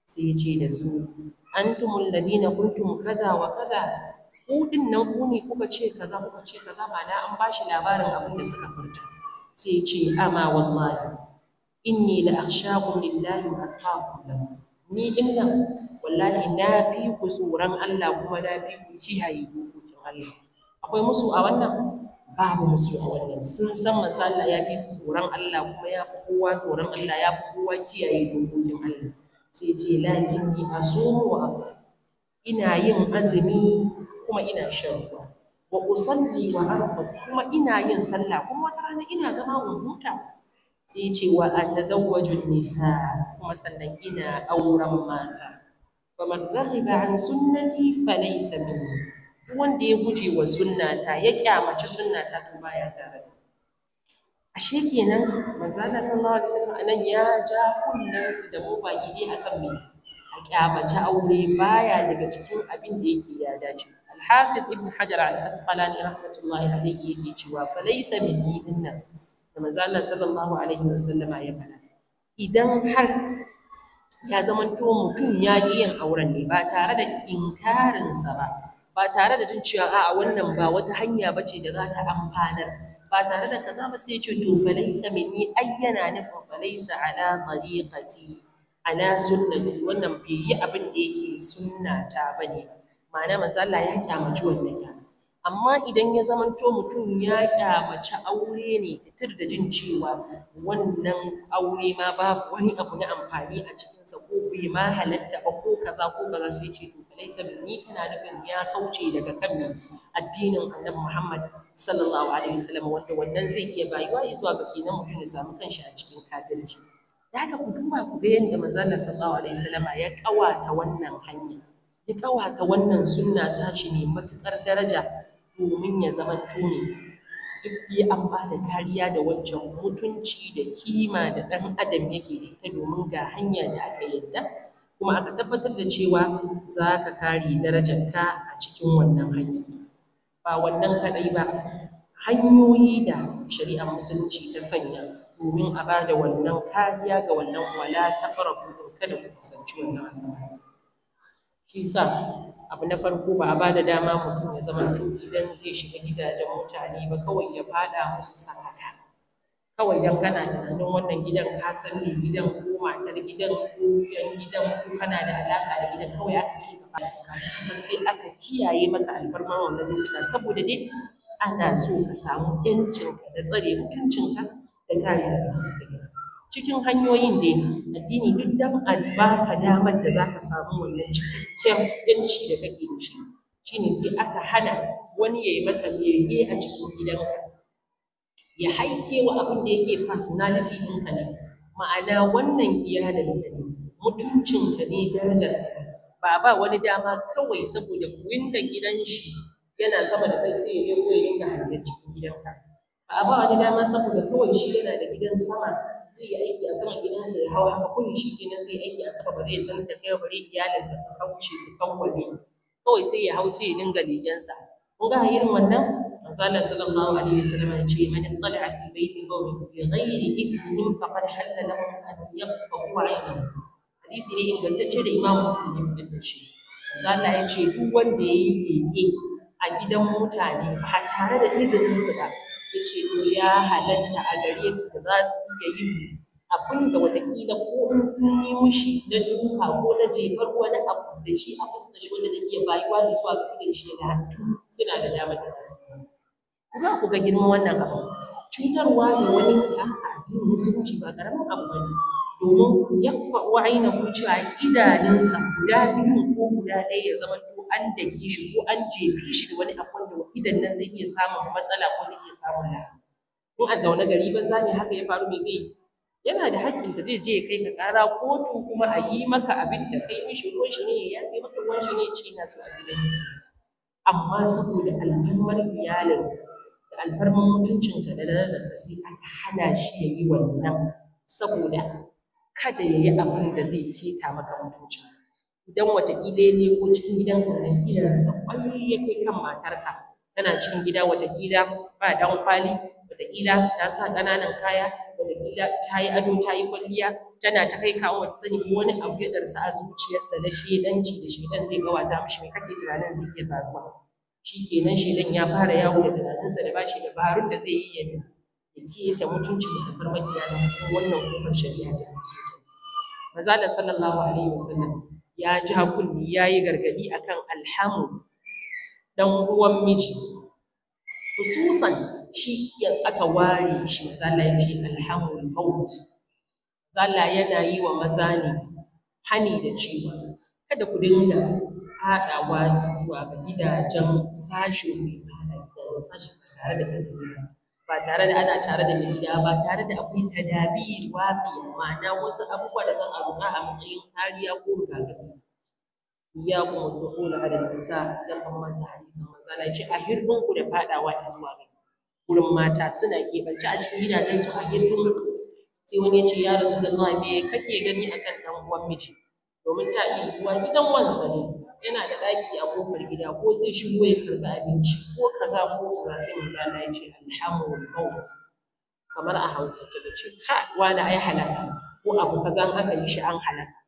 sai ya ce da su antumul ladina kuntum kaza wa kaza ku din nan ku ne kuka ce kaza kuka ce kaza ma'ana an ba shi labarin abin da suka furta sai ya ce amma wallahi inni la akhshakum lillahi wa atqakum lahu ni din nan wallahi na fi ku tsoron Allah kuma na fi ku kiyaye dokokin Allah akwai musu a wannan babu musu a wannan sun san manzo Allah ya fi tsoron Allah kuma ya fi kowa tsoron Allah ya fi kowa kiyaye dokokin Allah sai ce lakin ni asumu wa afal ina yin azumi kuma ina shan ruwa wa usalli wa arfa kuma ina yin sallah kuma wata rana ina zama in huta sai ce wa atazawwaju nisa kuma sannan ina auren mata faman raghiba an sunnati falaysa minni wanda ya guje wa sunnata ya kyamaci sunnata to baya tare da ashe kenan manzo Allah sallallahu alaihi wasallam anan ya ja kunnen su da mu ba gidi akan me a kyamaci aure baya daga cikin abin da yake ya dace al-hafiz ibn hajar al-asqalani rahmatullahi alaihi yake cewa fa laysa min dinna da manzo Allah sallallahu alaihi wasallama ya faɗa idan har ya zamanto mutum ya ƙi yin auren ne ba tare da inkarinsa ba ba tare da jin cewa a'a wannan ba wata hanya ba ce da za ta amfanar ba tare da kaza ba sai ce to falaisa minni ai yana nufin falaisa ala tariqati ala sunnati wannan bai yi abin da yake sunna ba bane ma'ana manzo ya kyamaci wannan ya amma idan ya zamanto mutum ya kyamaci aure ne fitir da jin cewa wannan aure ma babu wani abu na amfani a cikin sa ko bai ma halatta ba ko kaza ko kaza sai ce to fa laysa minni tana nufin ya kauce daga kan addinin Annabi Muhammad sallallahu alaihi wasallam wanda wannan zai iya bayuwa zuwa ga kenan mutum ya samu kanshi a cikin kafirci da haka ku duba ku ga yadda manzon Allah sallallahu alaihi wasallam ya kawata wannan hanya ya kawata wannan sunna tashi ne matukar daraja domin ya zama tuni duk dai an ba da kariya da wancan mutunci da kima da ɗan adam yake da ita domin ga hanya da aka yarda kuma aka tabbatar da cewa za ka kare darajarka a cikin wannan hanya ba wannan kaɗai ba hanyoyi da shari'ar musulunci ta sanya domin a ba da wannan kariya ga wannan wala ta fara kada ku kusanci wannan shi sa abu na farko ba a ba da dama mutum ya zama to idan zai shiga gidajen mutane ba kawai ya faɗa musu sakaka kawai dan kana tunanin wannan gidan ka san ne gidan ko matar gidan ko yan gidan ko kana da alaka da gidan kawai aka ce ka fara sai aka kiyaye maka alfarma wannan lokuta saboda dai ana so ka samu ƴancinka da tsare mutuncinka da kare cikin hanyoyin dai addini duk dan albarka baka damar da zaka samu wannan cikakken da kake da shi shine sai aka hana wani yayi yi maka leƙe a cikin gidanka ya haike wa abin da yake personality ka nan ma'ana wannan ka ne mutuncinka ne daraja. ba ba wani dama kawai saboda windan gidan shi yana sama da kai sai ya yi ya dinga hanyar cikin gidanka ba ba wani dama saboda kawai shi yana da gidan sama zai yi aiki a sama gidansa ya hau haka kullum shi kenan zai aiki a sama ba zai sanar da kai bare iyalinka su kauce su kawwale kawai sai ya hau sai ya dinga lejensa kun ga irin wannan manzala sallallahu alaihi wasallam ya ce man tala'a fi baiti qawmi bi ghairi ithmin faqad halla lahum an yaqfa'u 'aynahu hadisi ne ingantacce da Imam muslim ya fitar da shi manzala ya ce duk wanda ya yi leƙe a gidan mutane ba tare da izinin su ba ya ce to ya halatta a gare su da za su iya yin abin da watakila ko in sun yi mushi na duka ko na jefar wani abu da shi a fuska shi wanda zai iya bayuwa da zuwa ga shi da hantu suna da damar da su kuma ku ga girman wannan abu cutarwa da wani a addinin musulunci ba karamin abu ba ne domin ya yakfa'u ainihu cewa idanunsa guda biyu ko guda ɗaya ya zama to an dake shi ko an jefe shi da wani abu da idan nan zai iya samun matsala ko zai iya samun lahani ko a zaune gari ban zami haka ya faru me zai yi yana da haƙƙin da zai je ya kai ka ƙara kotu kuma a yi maka abin da kai mishi ruwan shi ne ya kai maka ruwan shi ne ce na su a gidan amma saboda alfarmar iyalin da alfarmar mutuncinka da lalata sai aka hana shi ya yi wannan saboda kada ya yi abin da zai keta maka mutunci. idan watakila ya ko cikin gidan gidanka da sa ƙwalli ya kai kan matarka kana cikin gida watakila ba dan kwali watakila ta sa ƙananan kaya watakila ta yi ado ta yi kwalliya tana ta kai kawo wata sani wani abu ya ɗarsa a zuciyarsa na shedanci da shedan zai gawata mishi mai kake tunanin zai iya faruwa shi kenan shedan ya fara yawo da tunaninsa da bashi dabarun da zai yi ya ya ta mutunci da kafar makiya na wannan kofar shari'a ta nasu manzala sallallahu alaihi wasallam ya ji hakunni ya yi gargadi akan alhamu dan uwan miji khususan shi aka ware shi Zalla ya ce alhamul maut Zalla yana yi wa maza ne hani da cewa kada ku dinga haɗawa zuwa ga gidajen sashen mai sashen tare da kasance ba tare da ana tare da mai ba tare da akwai tadabi wafi ma'ana wasu abubuwa da zan aruka a matsayin kariya ko rigakafi ya kuma dukula da nisa dan an manta hadisin manzala ce a hirdin ku da fadawa zuwa ga gurin mata suna keɓance a cikin gidajen su a hirdin sai wani ya ce ya rasu da me kake gani akan dan uwan miji domin ta iya uwa gidan wansa ne yana da ɗaki a kofar gida ko zai shigo ya karɓi abinci ko kaza ko kaza sai manzo Allah ya ce kamar a Hausa ta ce ka wani ai halaka ko abu kaza aka yi shi an halaka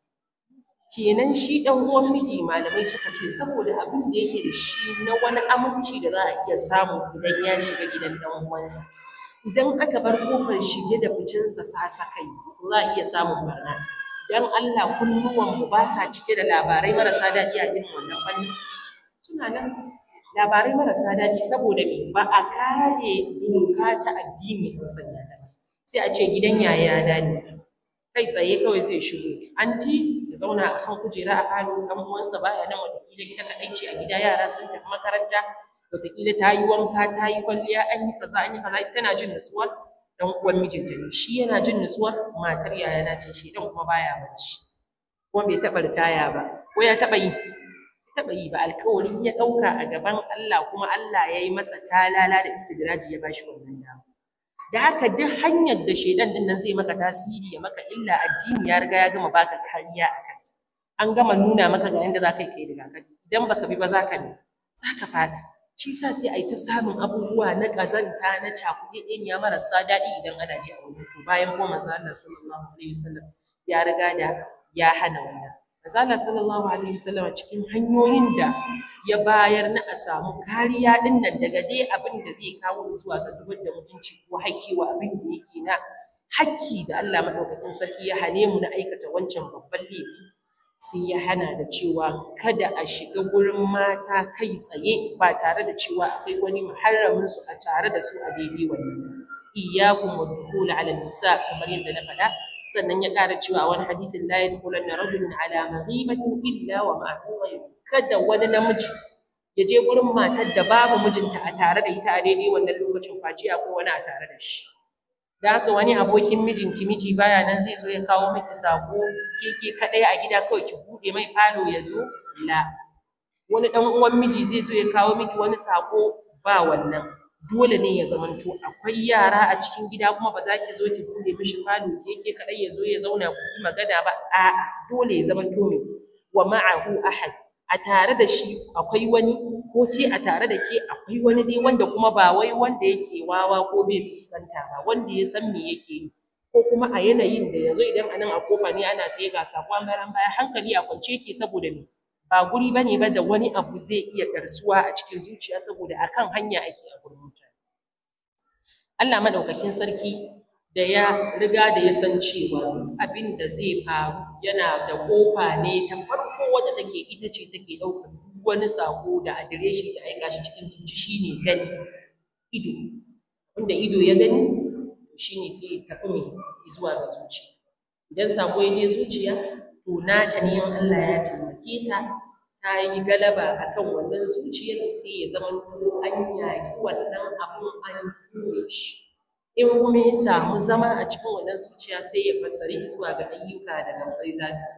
kenan shi ɗan uwan miji malamai suka ce saboda abin da yake da shi na wani aminci da za a iya samu idan ya shiga gidan ɗan uwansa idan aka bar kofar shige da ficinsa sasakai za a iya samun barna dan Allah mu ba sa cike da labarai marasa daɗi a irin wannan fanni suna nan labarai marasa daɗi saboda me ba a kare doka ta addini ko sanya ta sai a ce gidan yaya ya ne kai tsaye kawai zai shigo anti ya zauna a kan kujera a falo dan uwansa baya nan wataƙila ita kaɗai ce a gida yara sun tafi makaranta wataƙila ta yi wanka ta yi kwalliya an yi kaza an yi kaza tana jin nutsuwa. dan uwan mijinta ne shi yana jin nutsuwa matar yayana ce shi dan kuma baya bacci kuma bai taɓa ritaya ba ko ya taɓa yi taba yi ba alkawari ya ɗauka a gaban Allah kuma Allah yayi masa talala da istidraji ya bashi wannan dama da haka duk hanyar da shaidan din nan zai maka tasiri ya maka illa addini ya riga ya gama baka kariya a an gama nuna maka ga da za ka yi kai daga kai, idan baka bi ba za ka ne za ka shi sai a yi ta samun abubuwa na ƙazanta na cakuɗi ya marasa daɗi idan ana ji a wurin bayan kuma manzo Allah sallallahu alaihi wasallam ya riga da ya hana wannan manzo Allah sallallahu alaihi wasallam cikin hanyoyin da ya bayar na a samu kariya ɗin nan daga dai abin da zai kawo zuwa ga zubar da mutunci ko haƙƙi wa abin da yake na hakki da Allah maɗaukakin sarki ya hane mu na aikata wancan babban laifi sai ya hana da cewa kada a shiga wurin mata kai tsaye ba tare da cewa akwai wani muharramin su a tare da su a daidai wannan iyyakum wa dukhul ala nisa kamar yadda na faɗa sannan ya ƙara cewa wani hadisin la yadkhulanna rajulun ala maghibatin illa wa ma'ahu kada wani namiji ya je wurin matar da babu mijinta a tare da ita a daidai wannan lokacin kwaciya ko wani a tare da shi da haka wani abokin mijinki miji baya nan zai zo ya kawo miki sako ke ke kadai a gida kawai ki bude mai falo ya zo la wani dan uwan miji zai zo ya kawo miki wani sako ba wannan dole ne ya zamanto akwai yara a cikin gida kuma ba za ki zo ki bude mishi falo ke ke kadai ya zo ya zauna ku yi magana ba a'a dole ya zamanto mai wa ma'ahu ahad a tare da shi akwai wani ko ke a tare da ke akwai wani dai wanda kuma ba wai wanda yake wawa ko bai fuskanta ba wanda ya san me yake yi ko kuma a yanayin da yanzu idan anan a kofa ne ana tsaye ga sakwa baya hankali a kwance yake saboda me ba guri bane ba da wani abu zai iya karsuwa a cikin zuciya saboda akan hanya ake a gurin mutane Allah madaukakin sarki da ya riga da ya san cewa abin da zai faru yana da ƙofa ne ta farko wadda take ita ce take ɗaukar duk wani saƙo da adireshi da aika shi cikin zuci shi gani ido wanda ido ya gani shi sai ya tafi mai zuwa ga zuci idan saƙo ya je zuciya to ta ne in Allah ya taimake ta ta yi galaba a kan wannan zuciyar sai ya zamanto an yaƙi wannan abun an ture shi in kuma ya samu zama a cikin wannan zuciya sai ya fassari zuwa ga ayyuka da gabbai za su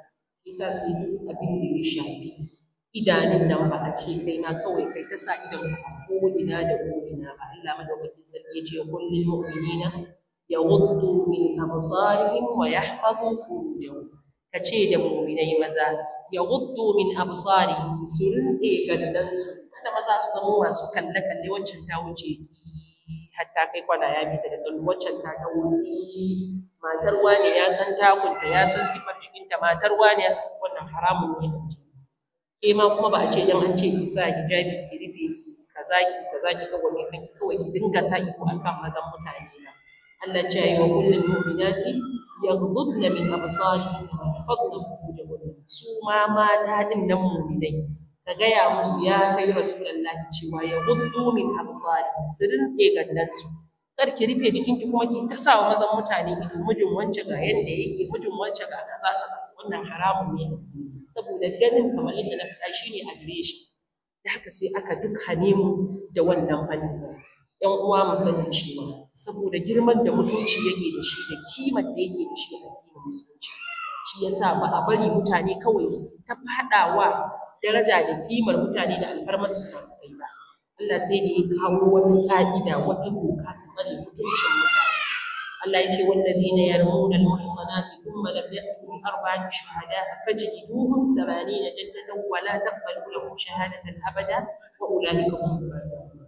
isa su yi abin da ya shafi idanun nan ba a ce kai kawai kai ta sa idan ko ko'ina da ko'ina ba Allah madaukakin sarki ya ce kullil mu'minina yaghuddu min absarihim wa yahfazu furujahum ka ce da mu'minai maza yaghuddu min absarihim su gallan su. kada maza su zama masu kalle kalle wancan ta wuce ki hatta kai kwana ya bi ta da kallo waccan ta ga wuri matar wani ya san takunta ya san sifar jikinta matar wani ya san wannan haramun ne da ke ke ma kuma ba a ce dan an ce ki sa hijabi ki rufe ki kaza ki kaza ki ga wani kanki kawai ki dinga sa iko akan mazan mutane na Allah ce yi wa kullul mu'minati yaghdudna min absarihim wa fi furujahunna su ma mata din nan mu'minai ka gaya musu ya kai rasulullahi cewa ya guddu min absari su rintse gandansu kar ki rufe jikinki kuma ki ta sawa mazan mutane ido mijin wance ga yanda yake mijin wance ga kaza kaza wannan haramun ne saboda ganin kamar yadda na faɗa shine shi da haka sai aka duka nemo da wannan fanni yan uwa mu sani cewa saboda girman da mutunci yake da shi da kimar da yake da shi a addinin musulunci shi yasa ba a bari mutane kawai ta faɗawa daraja da kimar mutane da alfarmar su sa su kai ba Allah sai da ya kawo wani ƙa'ida wata doka ta tsare mutuncin mutane Allah ya ce wallazina yarmuna almuhsanati thumma lam ya'tu bi arba'ati shuhada'a fajliduhum 80 jildatan wa la taqbalu lahum shahadatan abada wa ulaika hum fasiqun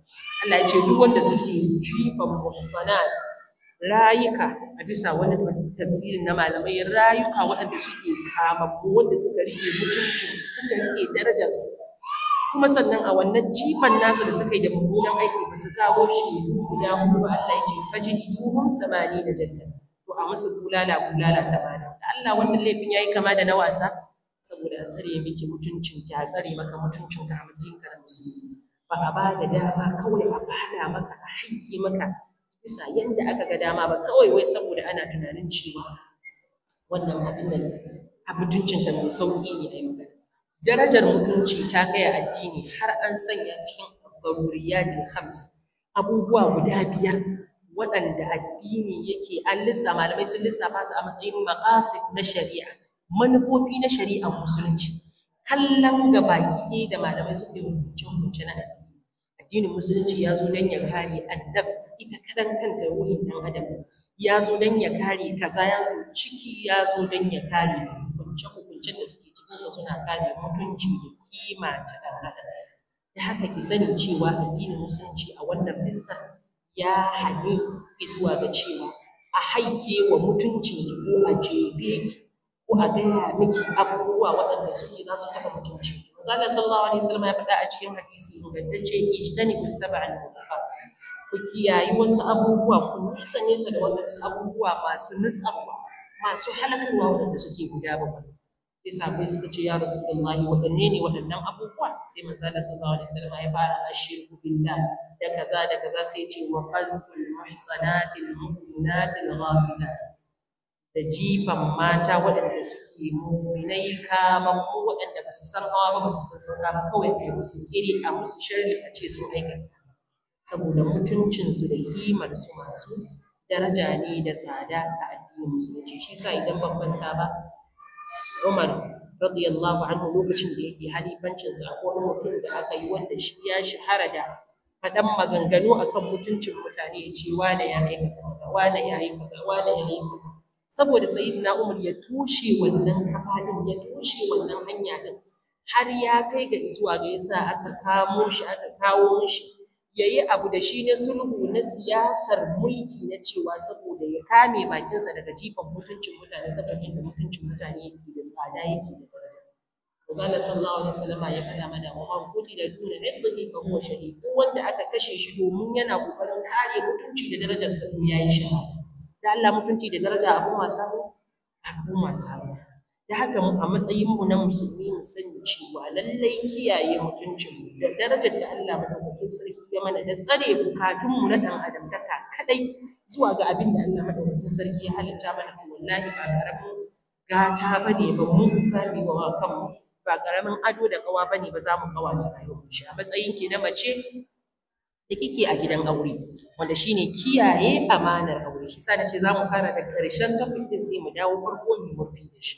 Allah ya ce duk wanda suke jifa muhsanat rayuka a bisa wani tafsirin na malamai rayuka waɗanda suke kamammu wanda suka rike mutuncin su suka rike su kuma sannan a wannan jifan nasu da suka yi da mummunan aiki ba su kawo shaidu guda hudu ba Allah ya ce fajin yuhun samani da janna to a musu bulala bulala bana da Allah wannan laifin yayi kama da na wasa saboda a tsare miki ki a tsare maka mutuncinka a matsayin ka na musulmi ba a ba da dama kawai a bada maka a haike maka bisa yadda aka ga dama ba kawai wai saboda ana tunanin cewa wannan abin da a mutuncinta mai sauƙi ne a yau darajar mutunci ta kai a addini har an sanya cikin da hams abubuwa guda biyar waɗanda addini yake an lissa malamai sun lissafa su a matsayin maqasid na shari'a manufofi na shari'ar musulunci kallon ga baki ɗaya da malamai suke hukunce hukunce na addini addinin musulunci ya zo don ya kare annafs ita kadan kanta ruhin dan adam ya zo don ya kare kaza ya ciki ya zo don ya kare hukunce hukuncen da suke sa suna kare mutunci da kima ta dan adam da haka ki sani cewa addinin musulunci a wannan fista ya hanyi zuwa ga cewa a haike wa mutunci ko a jebe ki ko a gaya miki abubuwa waɗanda suke za su taɓa mutuncin Allah sallallahu alaihi wasallam ya faɗa a cikin hadisi ingantacce ijtani sab'al munkar ku kiyayi wasu abubuwa ku nisa nesa da wasu abubuwa masu nutsarwa masu halakarwa wanda suke guda bakwai sai sahabbai suka ce ya rasulullahi waɗanne ne waɗannan abubuwa sai manzo sallallahu alaihi wasallam ya fara ashirku billah da kaza da kaza sai ya ce wa qalbul muhsanatil mu'minatil ghafilatil da jifan mata waɗanda suke mummunai kama ko waɗanda ba su san hawa ba ba su san sauka ba kawai kai musu kiri a musu sharri a ce su aikata saboda mutuncinsu da su masu daraja ne da tsada a addinin musulunci shi sa idan ban ba Umar radiyallahu anhu lokacin da yake halifancinsa a wani mutum da aka yi wanda shi ya shahara da faɗan maganganu akan mutuncin mutane ya ce wane ya aikata Wa wane ya aikata wane ya aikata saboda sayyidina umar ya tushe wannan kafa din ya tushe wannan hanya din har ya kai ga zuwa ga yasa aka kamo shi aka kawo shi yayi abu da shi ne sulhu na siyasar mulki na cewa saboda ya kame bakinsa daga jifan mutuncin mutane saboda da mutuncin mutane yake da tsada yake da daraja Allah sallallahu alaihi wasallam ya kana mana wa man kuti da duna ibdihi fa huwa shahid duk wanda aka kashe shi domin yana kokarin kare mutunci da darajar sa yayi shahada da Allah mutunci da daraja abun wasa abu abun wasa abu da haka a matsayin mu na musulmi mu sani cewa lallai kiyaye mutuncin mu da darajar da Allah madaukakin sarki ya mana da tsare bukatun mu na dan adam ta kadai zuwa ga abin da Allah madaukakin sarki ya halitta mana to wallahi ba karamin gata bane ba mu za mu kanmu ba karamin ado da kawa bane ba za mu kawata rayuwar shi a matsayin ki na mace da kike a gidan aure wanda shine kiyaye amanar aure shi sa ce zamu fara da karshen topic din sai mu dawo farko mu murfi da shi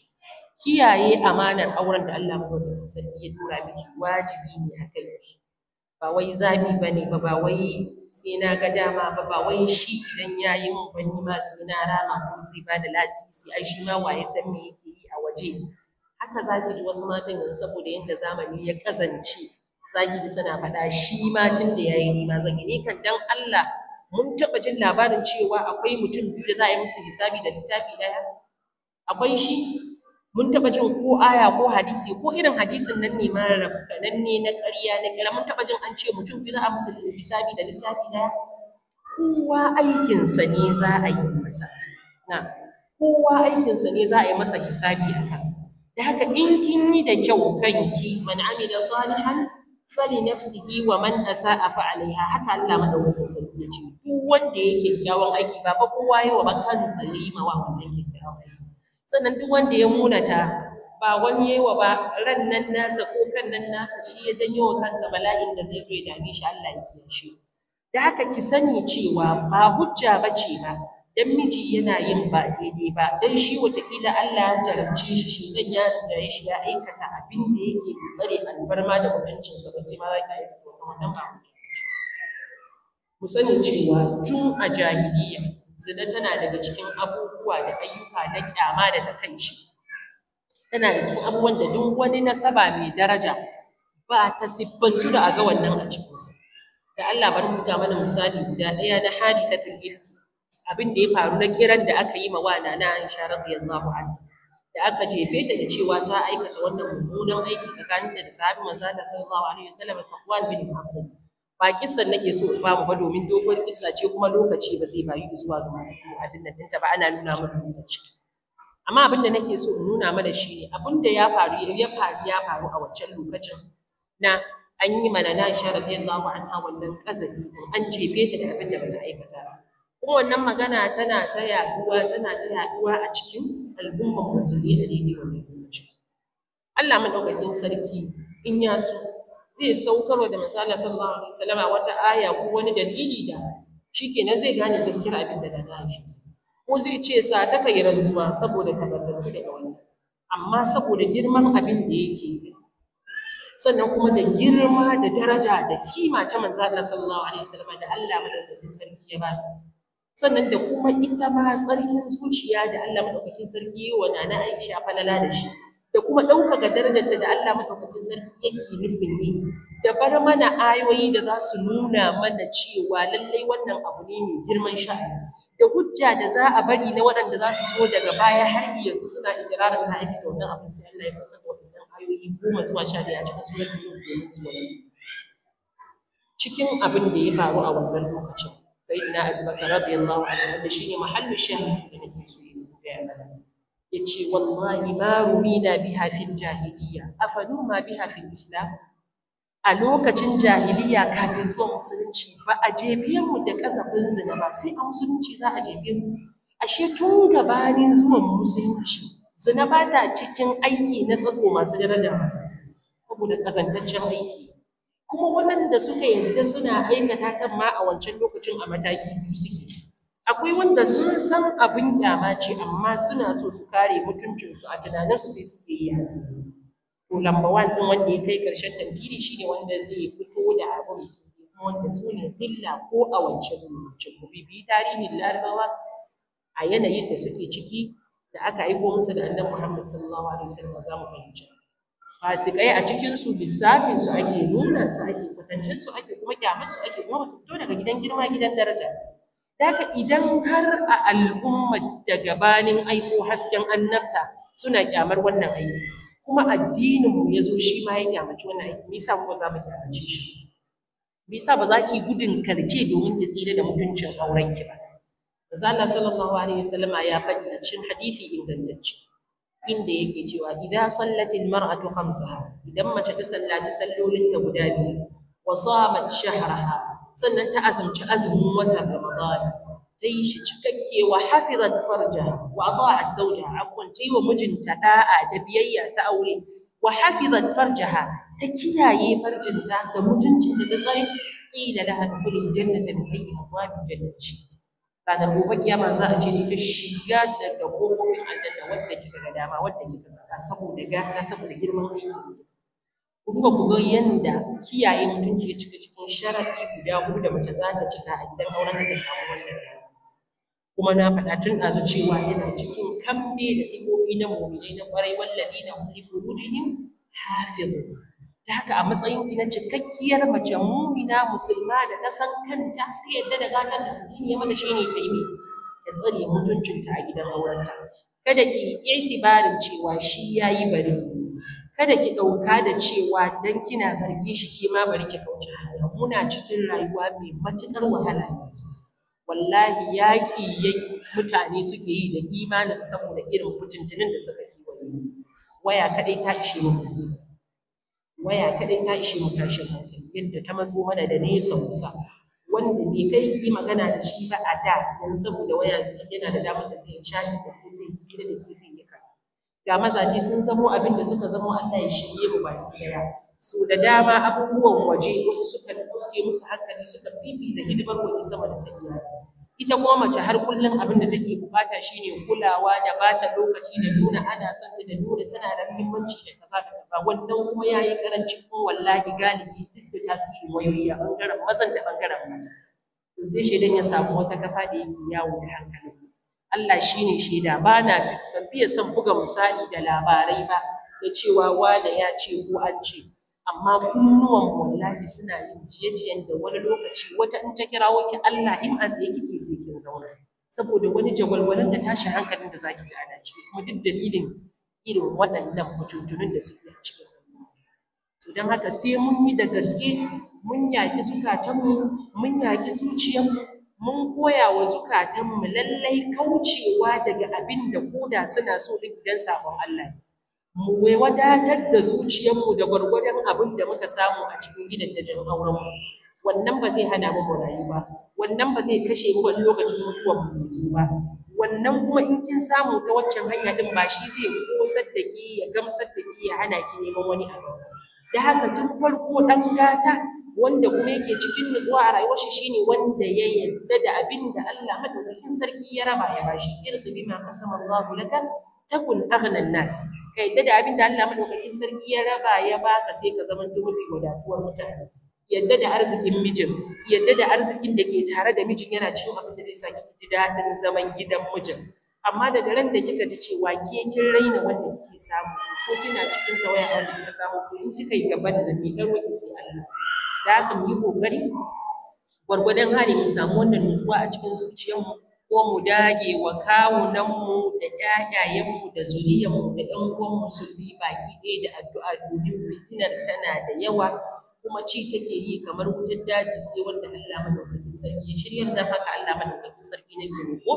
kiyaye amanar auren da Allah madaukakin sarki ya dora miki wajibi ne a kai ba wai zabi bane ba ba wai sai na ga dama ba ba wai shi idan yayi yi min ba ma sai na rama ko sai ba da lasisi ai shi ma waye san me yake yi a waje haka zaki ji wasu matan yanzu saboda yanda zamani ya ƙazance? zaki ji suna faɗa shi ma tun da yayi ni ma zan yi ni kan dan Allah mun taɓa jin labarin cewa akwai mutum biyu da za a yi musu hisabi da littafi ɗaya akwai shi mun taɓa jin ko aya ko hadisi ko irin hadisin nan ne mara nan ne na ƙarya na ƙira mun taɓa jin an ce mutum biyu za a musu hisabi da littafi ɗaya kowa aikinsa ne za a yi masa na kowa aikinsa ne za a yi masa hisabi a kansa da haka in kin yi da kyau kanki man amila salihan fali nafsihi wa man asa'a fa alaiha haka Allah madaukakin sarki ya ce duk wanda ya kyakkyawan aiki ba ba kowa ya wa ban kan ya yi ma wannan kyakkyawan aiki sannan duk wanda ya munata ba wani yayi wa ba ran nasa ko kan nan nasa shi ya janyo kansa bala'in da zai zo ya dame shi Allah ya kiyaye da haka ki sani cewa ba hujja bace ba dan miji yana yin ba daidai ba dan shi watakila Allah ya jarabce shi shi dan ya rigaye shi ya aikata abin da yake tsare albarma da mutuncin sa ba ma za ka yi wannan ba mu sani cewa tun a jahiliya zina tana daga cikin abubuwa da ayyuka na kyama da takaici tana da cikin abubuwan da duk wani nasaba mai daraja ba ta siffantu da a ga wannan a cikinsa da Allah bari mu ga mana misali guda ɗaya na hadithatul ifki abin da ya faru na kiran da aka yi ma wa nana Aisha radiyallahu anha da aka jefe ta da cewa ta aikata wannan mummunan aiki tsakanin da sahabi manzo Allah sallallahu alaihi wasallam Safwan bin Muhammad ba kissan nake so in bamu ba domin dogon kissa ce kuma lokaci ba zai bayu zuwa ga abin da ɗinta ba ana nuna mana lokaci amma abin da nake so in nuna mana shi ne abin da ya faru ya faru ya faru a wancan lokacin na an yi mana na Aisha radiyallahu anha wannan kazafi an jefe ta da abin da bata aikata ba kuma wannan magana tana ta yaduwa tana ta yaduwa a cikin al'ummar musulmi a daidai Allah madaukakin sarki in ya so zai saukarwa da manzo sallallahu alaihi wasallama wata aya ko wani dalili da shikenan zai gane gaskiyar abin da na shi ko zai ce sa ta kai zuwa saboda tabarruki daga wannan amma saboda girman abin da yake kai sannan kuma da girma da daraja da kima ta manzo sallallahu alaihi wasallam da Allah madaukakin sarki ya ba sa sannan da kuma ita ma tsarkin zuciya da Allah madaukakin sarki yi wa nana Aisha falala da shi da kuma ɗaukaka darajar da Allah madaukakin sarki yake nufin ne da bar mana ayoyi da za su nuna mana cewa lallai wannan abu ne mai girman sha'ani da hujja da za a bari na waɗanda za su zo daga baya har yanzu suna ikirarin ta aiki da wannan abin sai Allah ya saukar waɗannan ayoyi goma zuwa sha ɗaya a cikin sunan da domin cikin abin da ya faru a wannan lokacin sayyidina abubakar a anhu wanda shine mahallu shahid da nake so yi gaya mana yace wallahi ma rumina biha fil jahiliya afanu ma biha islam a lokacin jahiliya kafin zuwa musulunci ba a jefe mu da kasafin zina sai a musulunci za a jefe mu ashe tun gabanin zuwan musulunci zina ba cikin aiki na tsatso masu daraja masu saboda kazantaccen aiki kuma waɗanda suka yarda suna aikata kan ma a wancan lokacin a mataki biyu suke akwai wanda sun san abin kyama ce amma suna so su kare mutuncinsu a tunaninsu sai suke yi to lamba wan ɗin wanda ya kai ƙarshen tantiri shine wanda zai fito da abin wanda su ne illa ko a wancan lokacin ku bibiyi tarihin larabawa a yanayin da suke ciki da aka aiko musu da annabi Muhammad sallallahu alaihi wasallam za mu fahimci fasikai a cikin su lissafin su ake nuna su ake kwatancin su ake kuma kyamar su ake kuma su fito daga gidan girma gidan daraja daga idan har a al'ummar da gabanin aiko hasken annabta suna kyamar wannan aiki kuma addininmu ya zo shi ma ya kyamaci wannan aiki me yasa kuma za mu kyamace shi me yasa ba za ki gudun karce domin ki tsira da mutuncin aurenki ba Manzo Allah sallallahu alaihi wasallama ya faɗi cikin hadisi ingantacce inda yake cewa idan sallatin mar'atu khamsaha idan mace ta sallaci sallolinta guda biyu wa samat shahraha sannan ta azumci azumin watan ramadan ta yi shi cikakke wa hafizat farjaha wa ata'at zawjaha afwan ta yi wa mijinta da'a da biyayya ta aure wa hafizat farjaha ta kiyaye farjinta da mutuncin da ta tsare qila laha dukhulil jannata min ayyi abwabin jannati ranar gobe kiyama za a ce ita shiga daga kofofin aljanna wanda kika ga dama wanda kika tsaka saboda gata saboda girman aiki ku duba ku ga yanda kiyaye mutunci ya cika cikin sharaɗi guda huɗu da mace za ta cika a gidan auren da ta samu wannan kuma na faɗa tun ɗazu cewa yana cikin kambe da sigobi na mu'minai na ƙwarai wallafi na hum li hafizu da haka a matsayin ki na cikakkiyar mace mumina musulma da ta san kanta ta yadda da gatan da addini ya mana shine ta yi ta tsare mutuncinta a gidan aurenta kada ki itibarin cewa shi yayi bari kada ki ɗauka da cewa dan kina zargin shi kima ma bari ki kauce muna cikin rayuwa mai matuƙar wahala yanzu wallahi yaƙi mutane suke yi da imanin saboda irin mutuntunin da suka yi waya kaɗai ta ishe mu musiba waya kaɗai ta ishi mu tashin hankali yadda ta matso mana da nesa kusa wanda bai kai yi magana da shi ba a da don saboda waya yana da damar da zai yi shafi da ke zai yi da ke zai yi kaza ga mazaje sun zamo abin da suka zamo Allah ya shirye mu ba daya so da dama abubuwan waje wasu suka ɗauke musu hankali suka fifi da hidimar waje sama da ta ita kuma mace har kullum abin da take bukata shine kulawa da bata lokaci da nuna ana son ta da nuna tana da muhimmanci da kaza da kaza wannan kuma yayi karanci ko wallahi galibi duk da tasirin wayoyi a bangaren mazan da bangaren mata to sai ya samu wata kafa da yake yawo da hankali Allah shine shaida ba na ban fiye son buga misali da labarai ba da cewa wada ya ce ko an ce amma kunnuwan wallahi suna yin jiye ciyen da wani lokaci wata in ta kirawo ki Allah in tsaye kike sai kin zauna saboda wani jagwalgwalan da tashi hankalin da zaki gada ana ciki kuma duk dalilin irin waɗannan mutuntunin da suke a cikin to don haka sai mun yi da gaske mun yaƙi zukatanmu mun yaƙi zuciyarmu mun koya wa zukatanmu lallai kaucewa daga abin da koda suna so ɗin idan sabon Allah ne mu wadatar da zuciyarmu da gwargwadon abin da muka samu a cikin gidajen aurenmu wannan ba zai hana mu rayu ba wannan ba zai kashe mu lokacin mutuwar mu zo ba wannan kuma in kin samu ta waccan hanya din ba shi zai kosar da ki ya gamsar da ki ya hana ki neman wani abu da haka tun farko dan gata wanda kuma yake cikin nutsuwa a rayuwar shi shine wanda ya yarda da abin da Allah madaukakin sarki ya raba ya bashi irdi bima qasama Allahu laka takun agnan nas ka yadda da abin da Allah madaukakin sarki ya raba ya baka sai ka zama to mafi wadatuwar mutane yadda da arzikin mijin yadda da arzikin da ke tare da mijin yana cewa abin da zai sa ki ji dadin zaman gidan mijin amma daga ran da kika ji cewa ke kin raina wanda kike samu ko kina cikin tawaya a wanda kika samu ko in kika yi gaban da mai dan wani sai Allah da haka mu yi kokari gwargwadon hali mu samu wannan nutsuwa a cikin zuciyarmu ko mu dage wa kawunanmu da ‘ya'yayenmu da zuriyanmu da ‘yan uwan musulmi baki ɗaya da addu'a domin fitinar tana da yawa kuma ci take yi kamar wutar daji sai wanda Allah madaukakin sarki ya shiryar da haka Allah madaukakin sarki na ke roƙo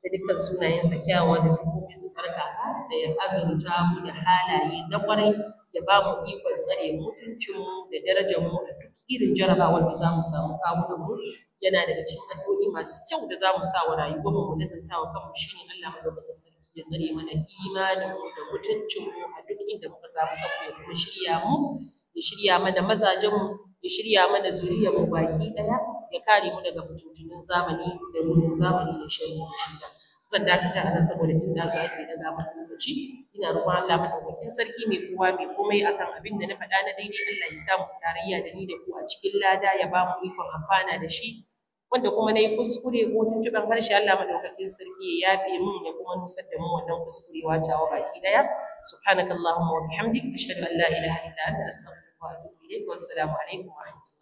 da dukkan sunayensa kyawawa da sifofin su tsarkaka da ya azurta mu da halaye na ƙwarai ya ba mu ikon tsare mutuncinmu da darajarmu da duk irin jarabawar da za mu samu kawunanmu yana daga cikin addu'o'i masu kyau da za mu sa wa rayuwarmu mu nazarta wa kanmu shine Allah madaukakin sarki ya tsare mana imanin mu da mutuncin mu a duk inda muka samu kanmu ya kuma shirya mu ya shirya mana mazajen mu ya shirya mana zuriyar mu baki daya ya kare mu daga fitintunin zamani da wurin zamani da shirin zan dakata a nan saboda tun za a ke daga maka lokaci ina roƙon Allah madaukakin sarki mai kowa mai komai akan abin da na faɗa na daidai Allah ya samu tarayya da ni da ku a cikin lada ya ba mu ikon amfana da shi wanda kuma na yi kuskure ko tuntuɓen harshe Allah madaukakin sarki ya yafe mun ya kuma nusar da mu wannan wata wa baki daya subhanakallahumma wa bihamdik ashhadu an la ilaha illa anta astaghfiruka wa atubu ilayk wassalamu alaikum wa rahmatullahi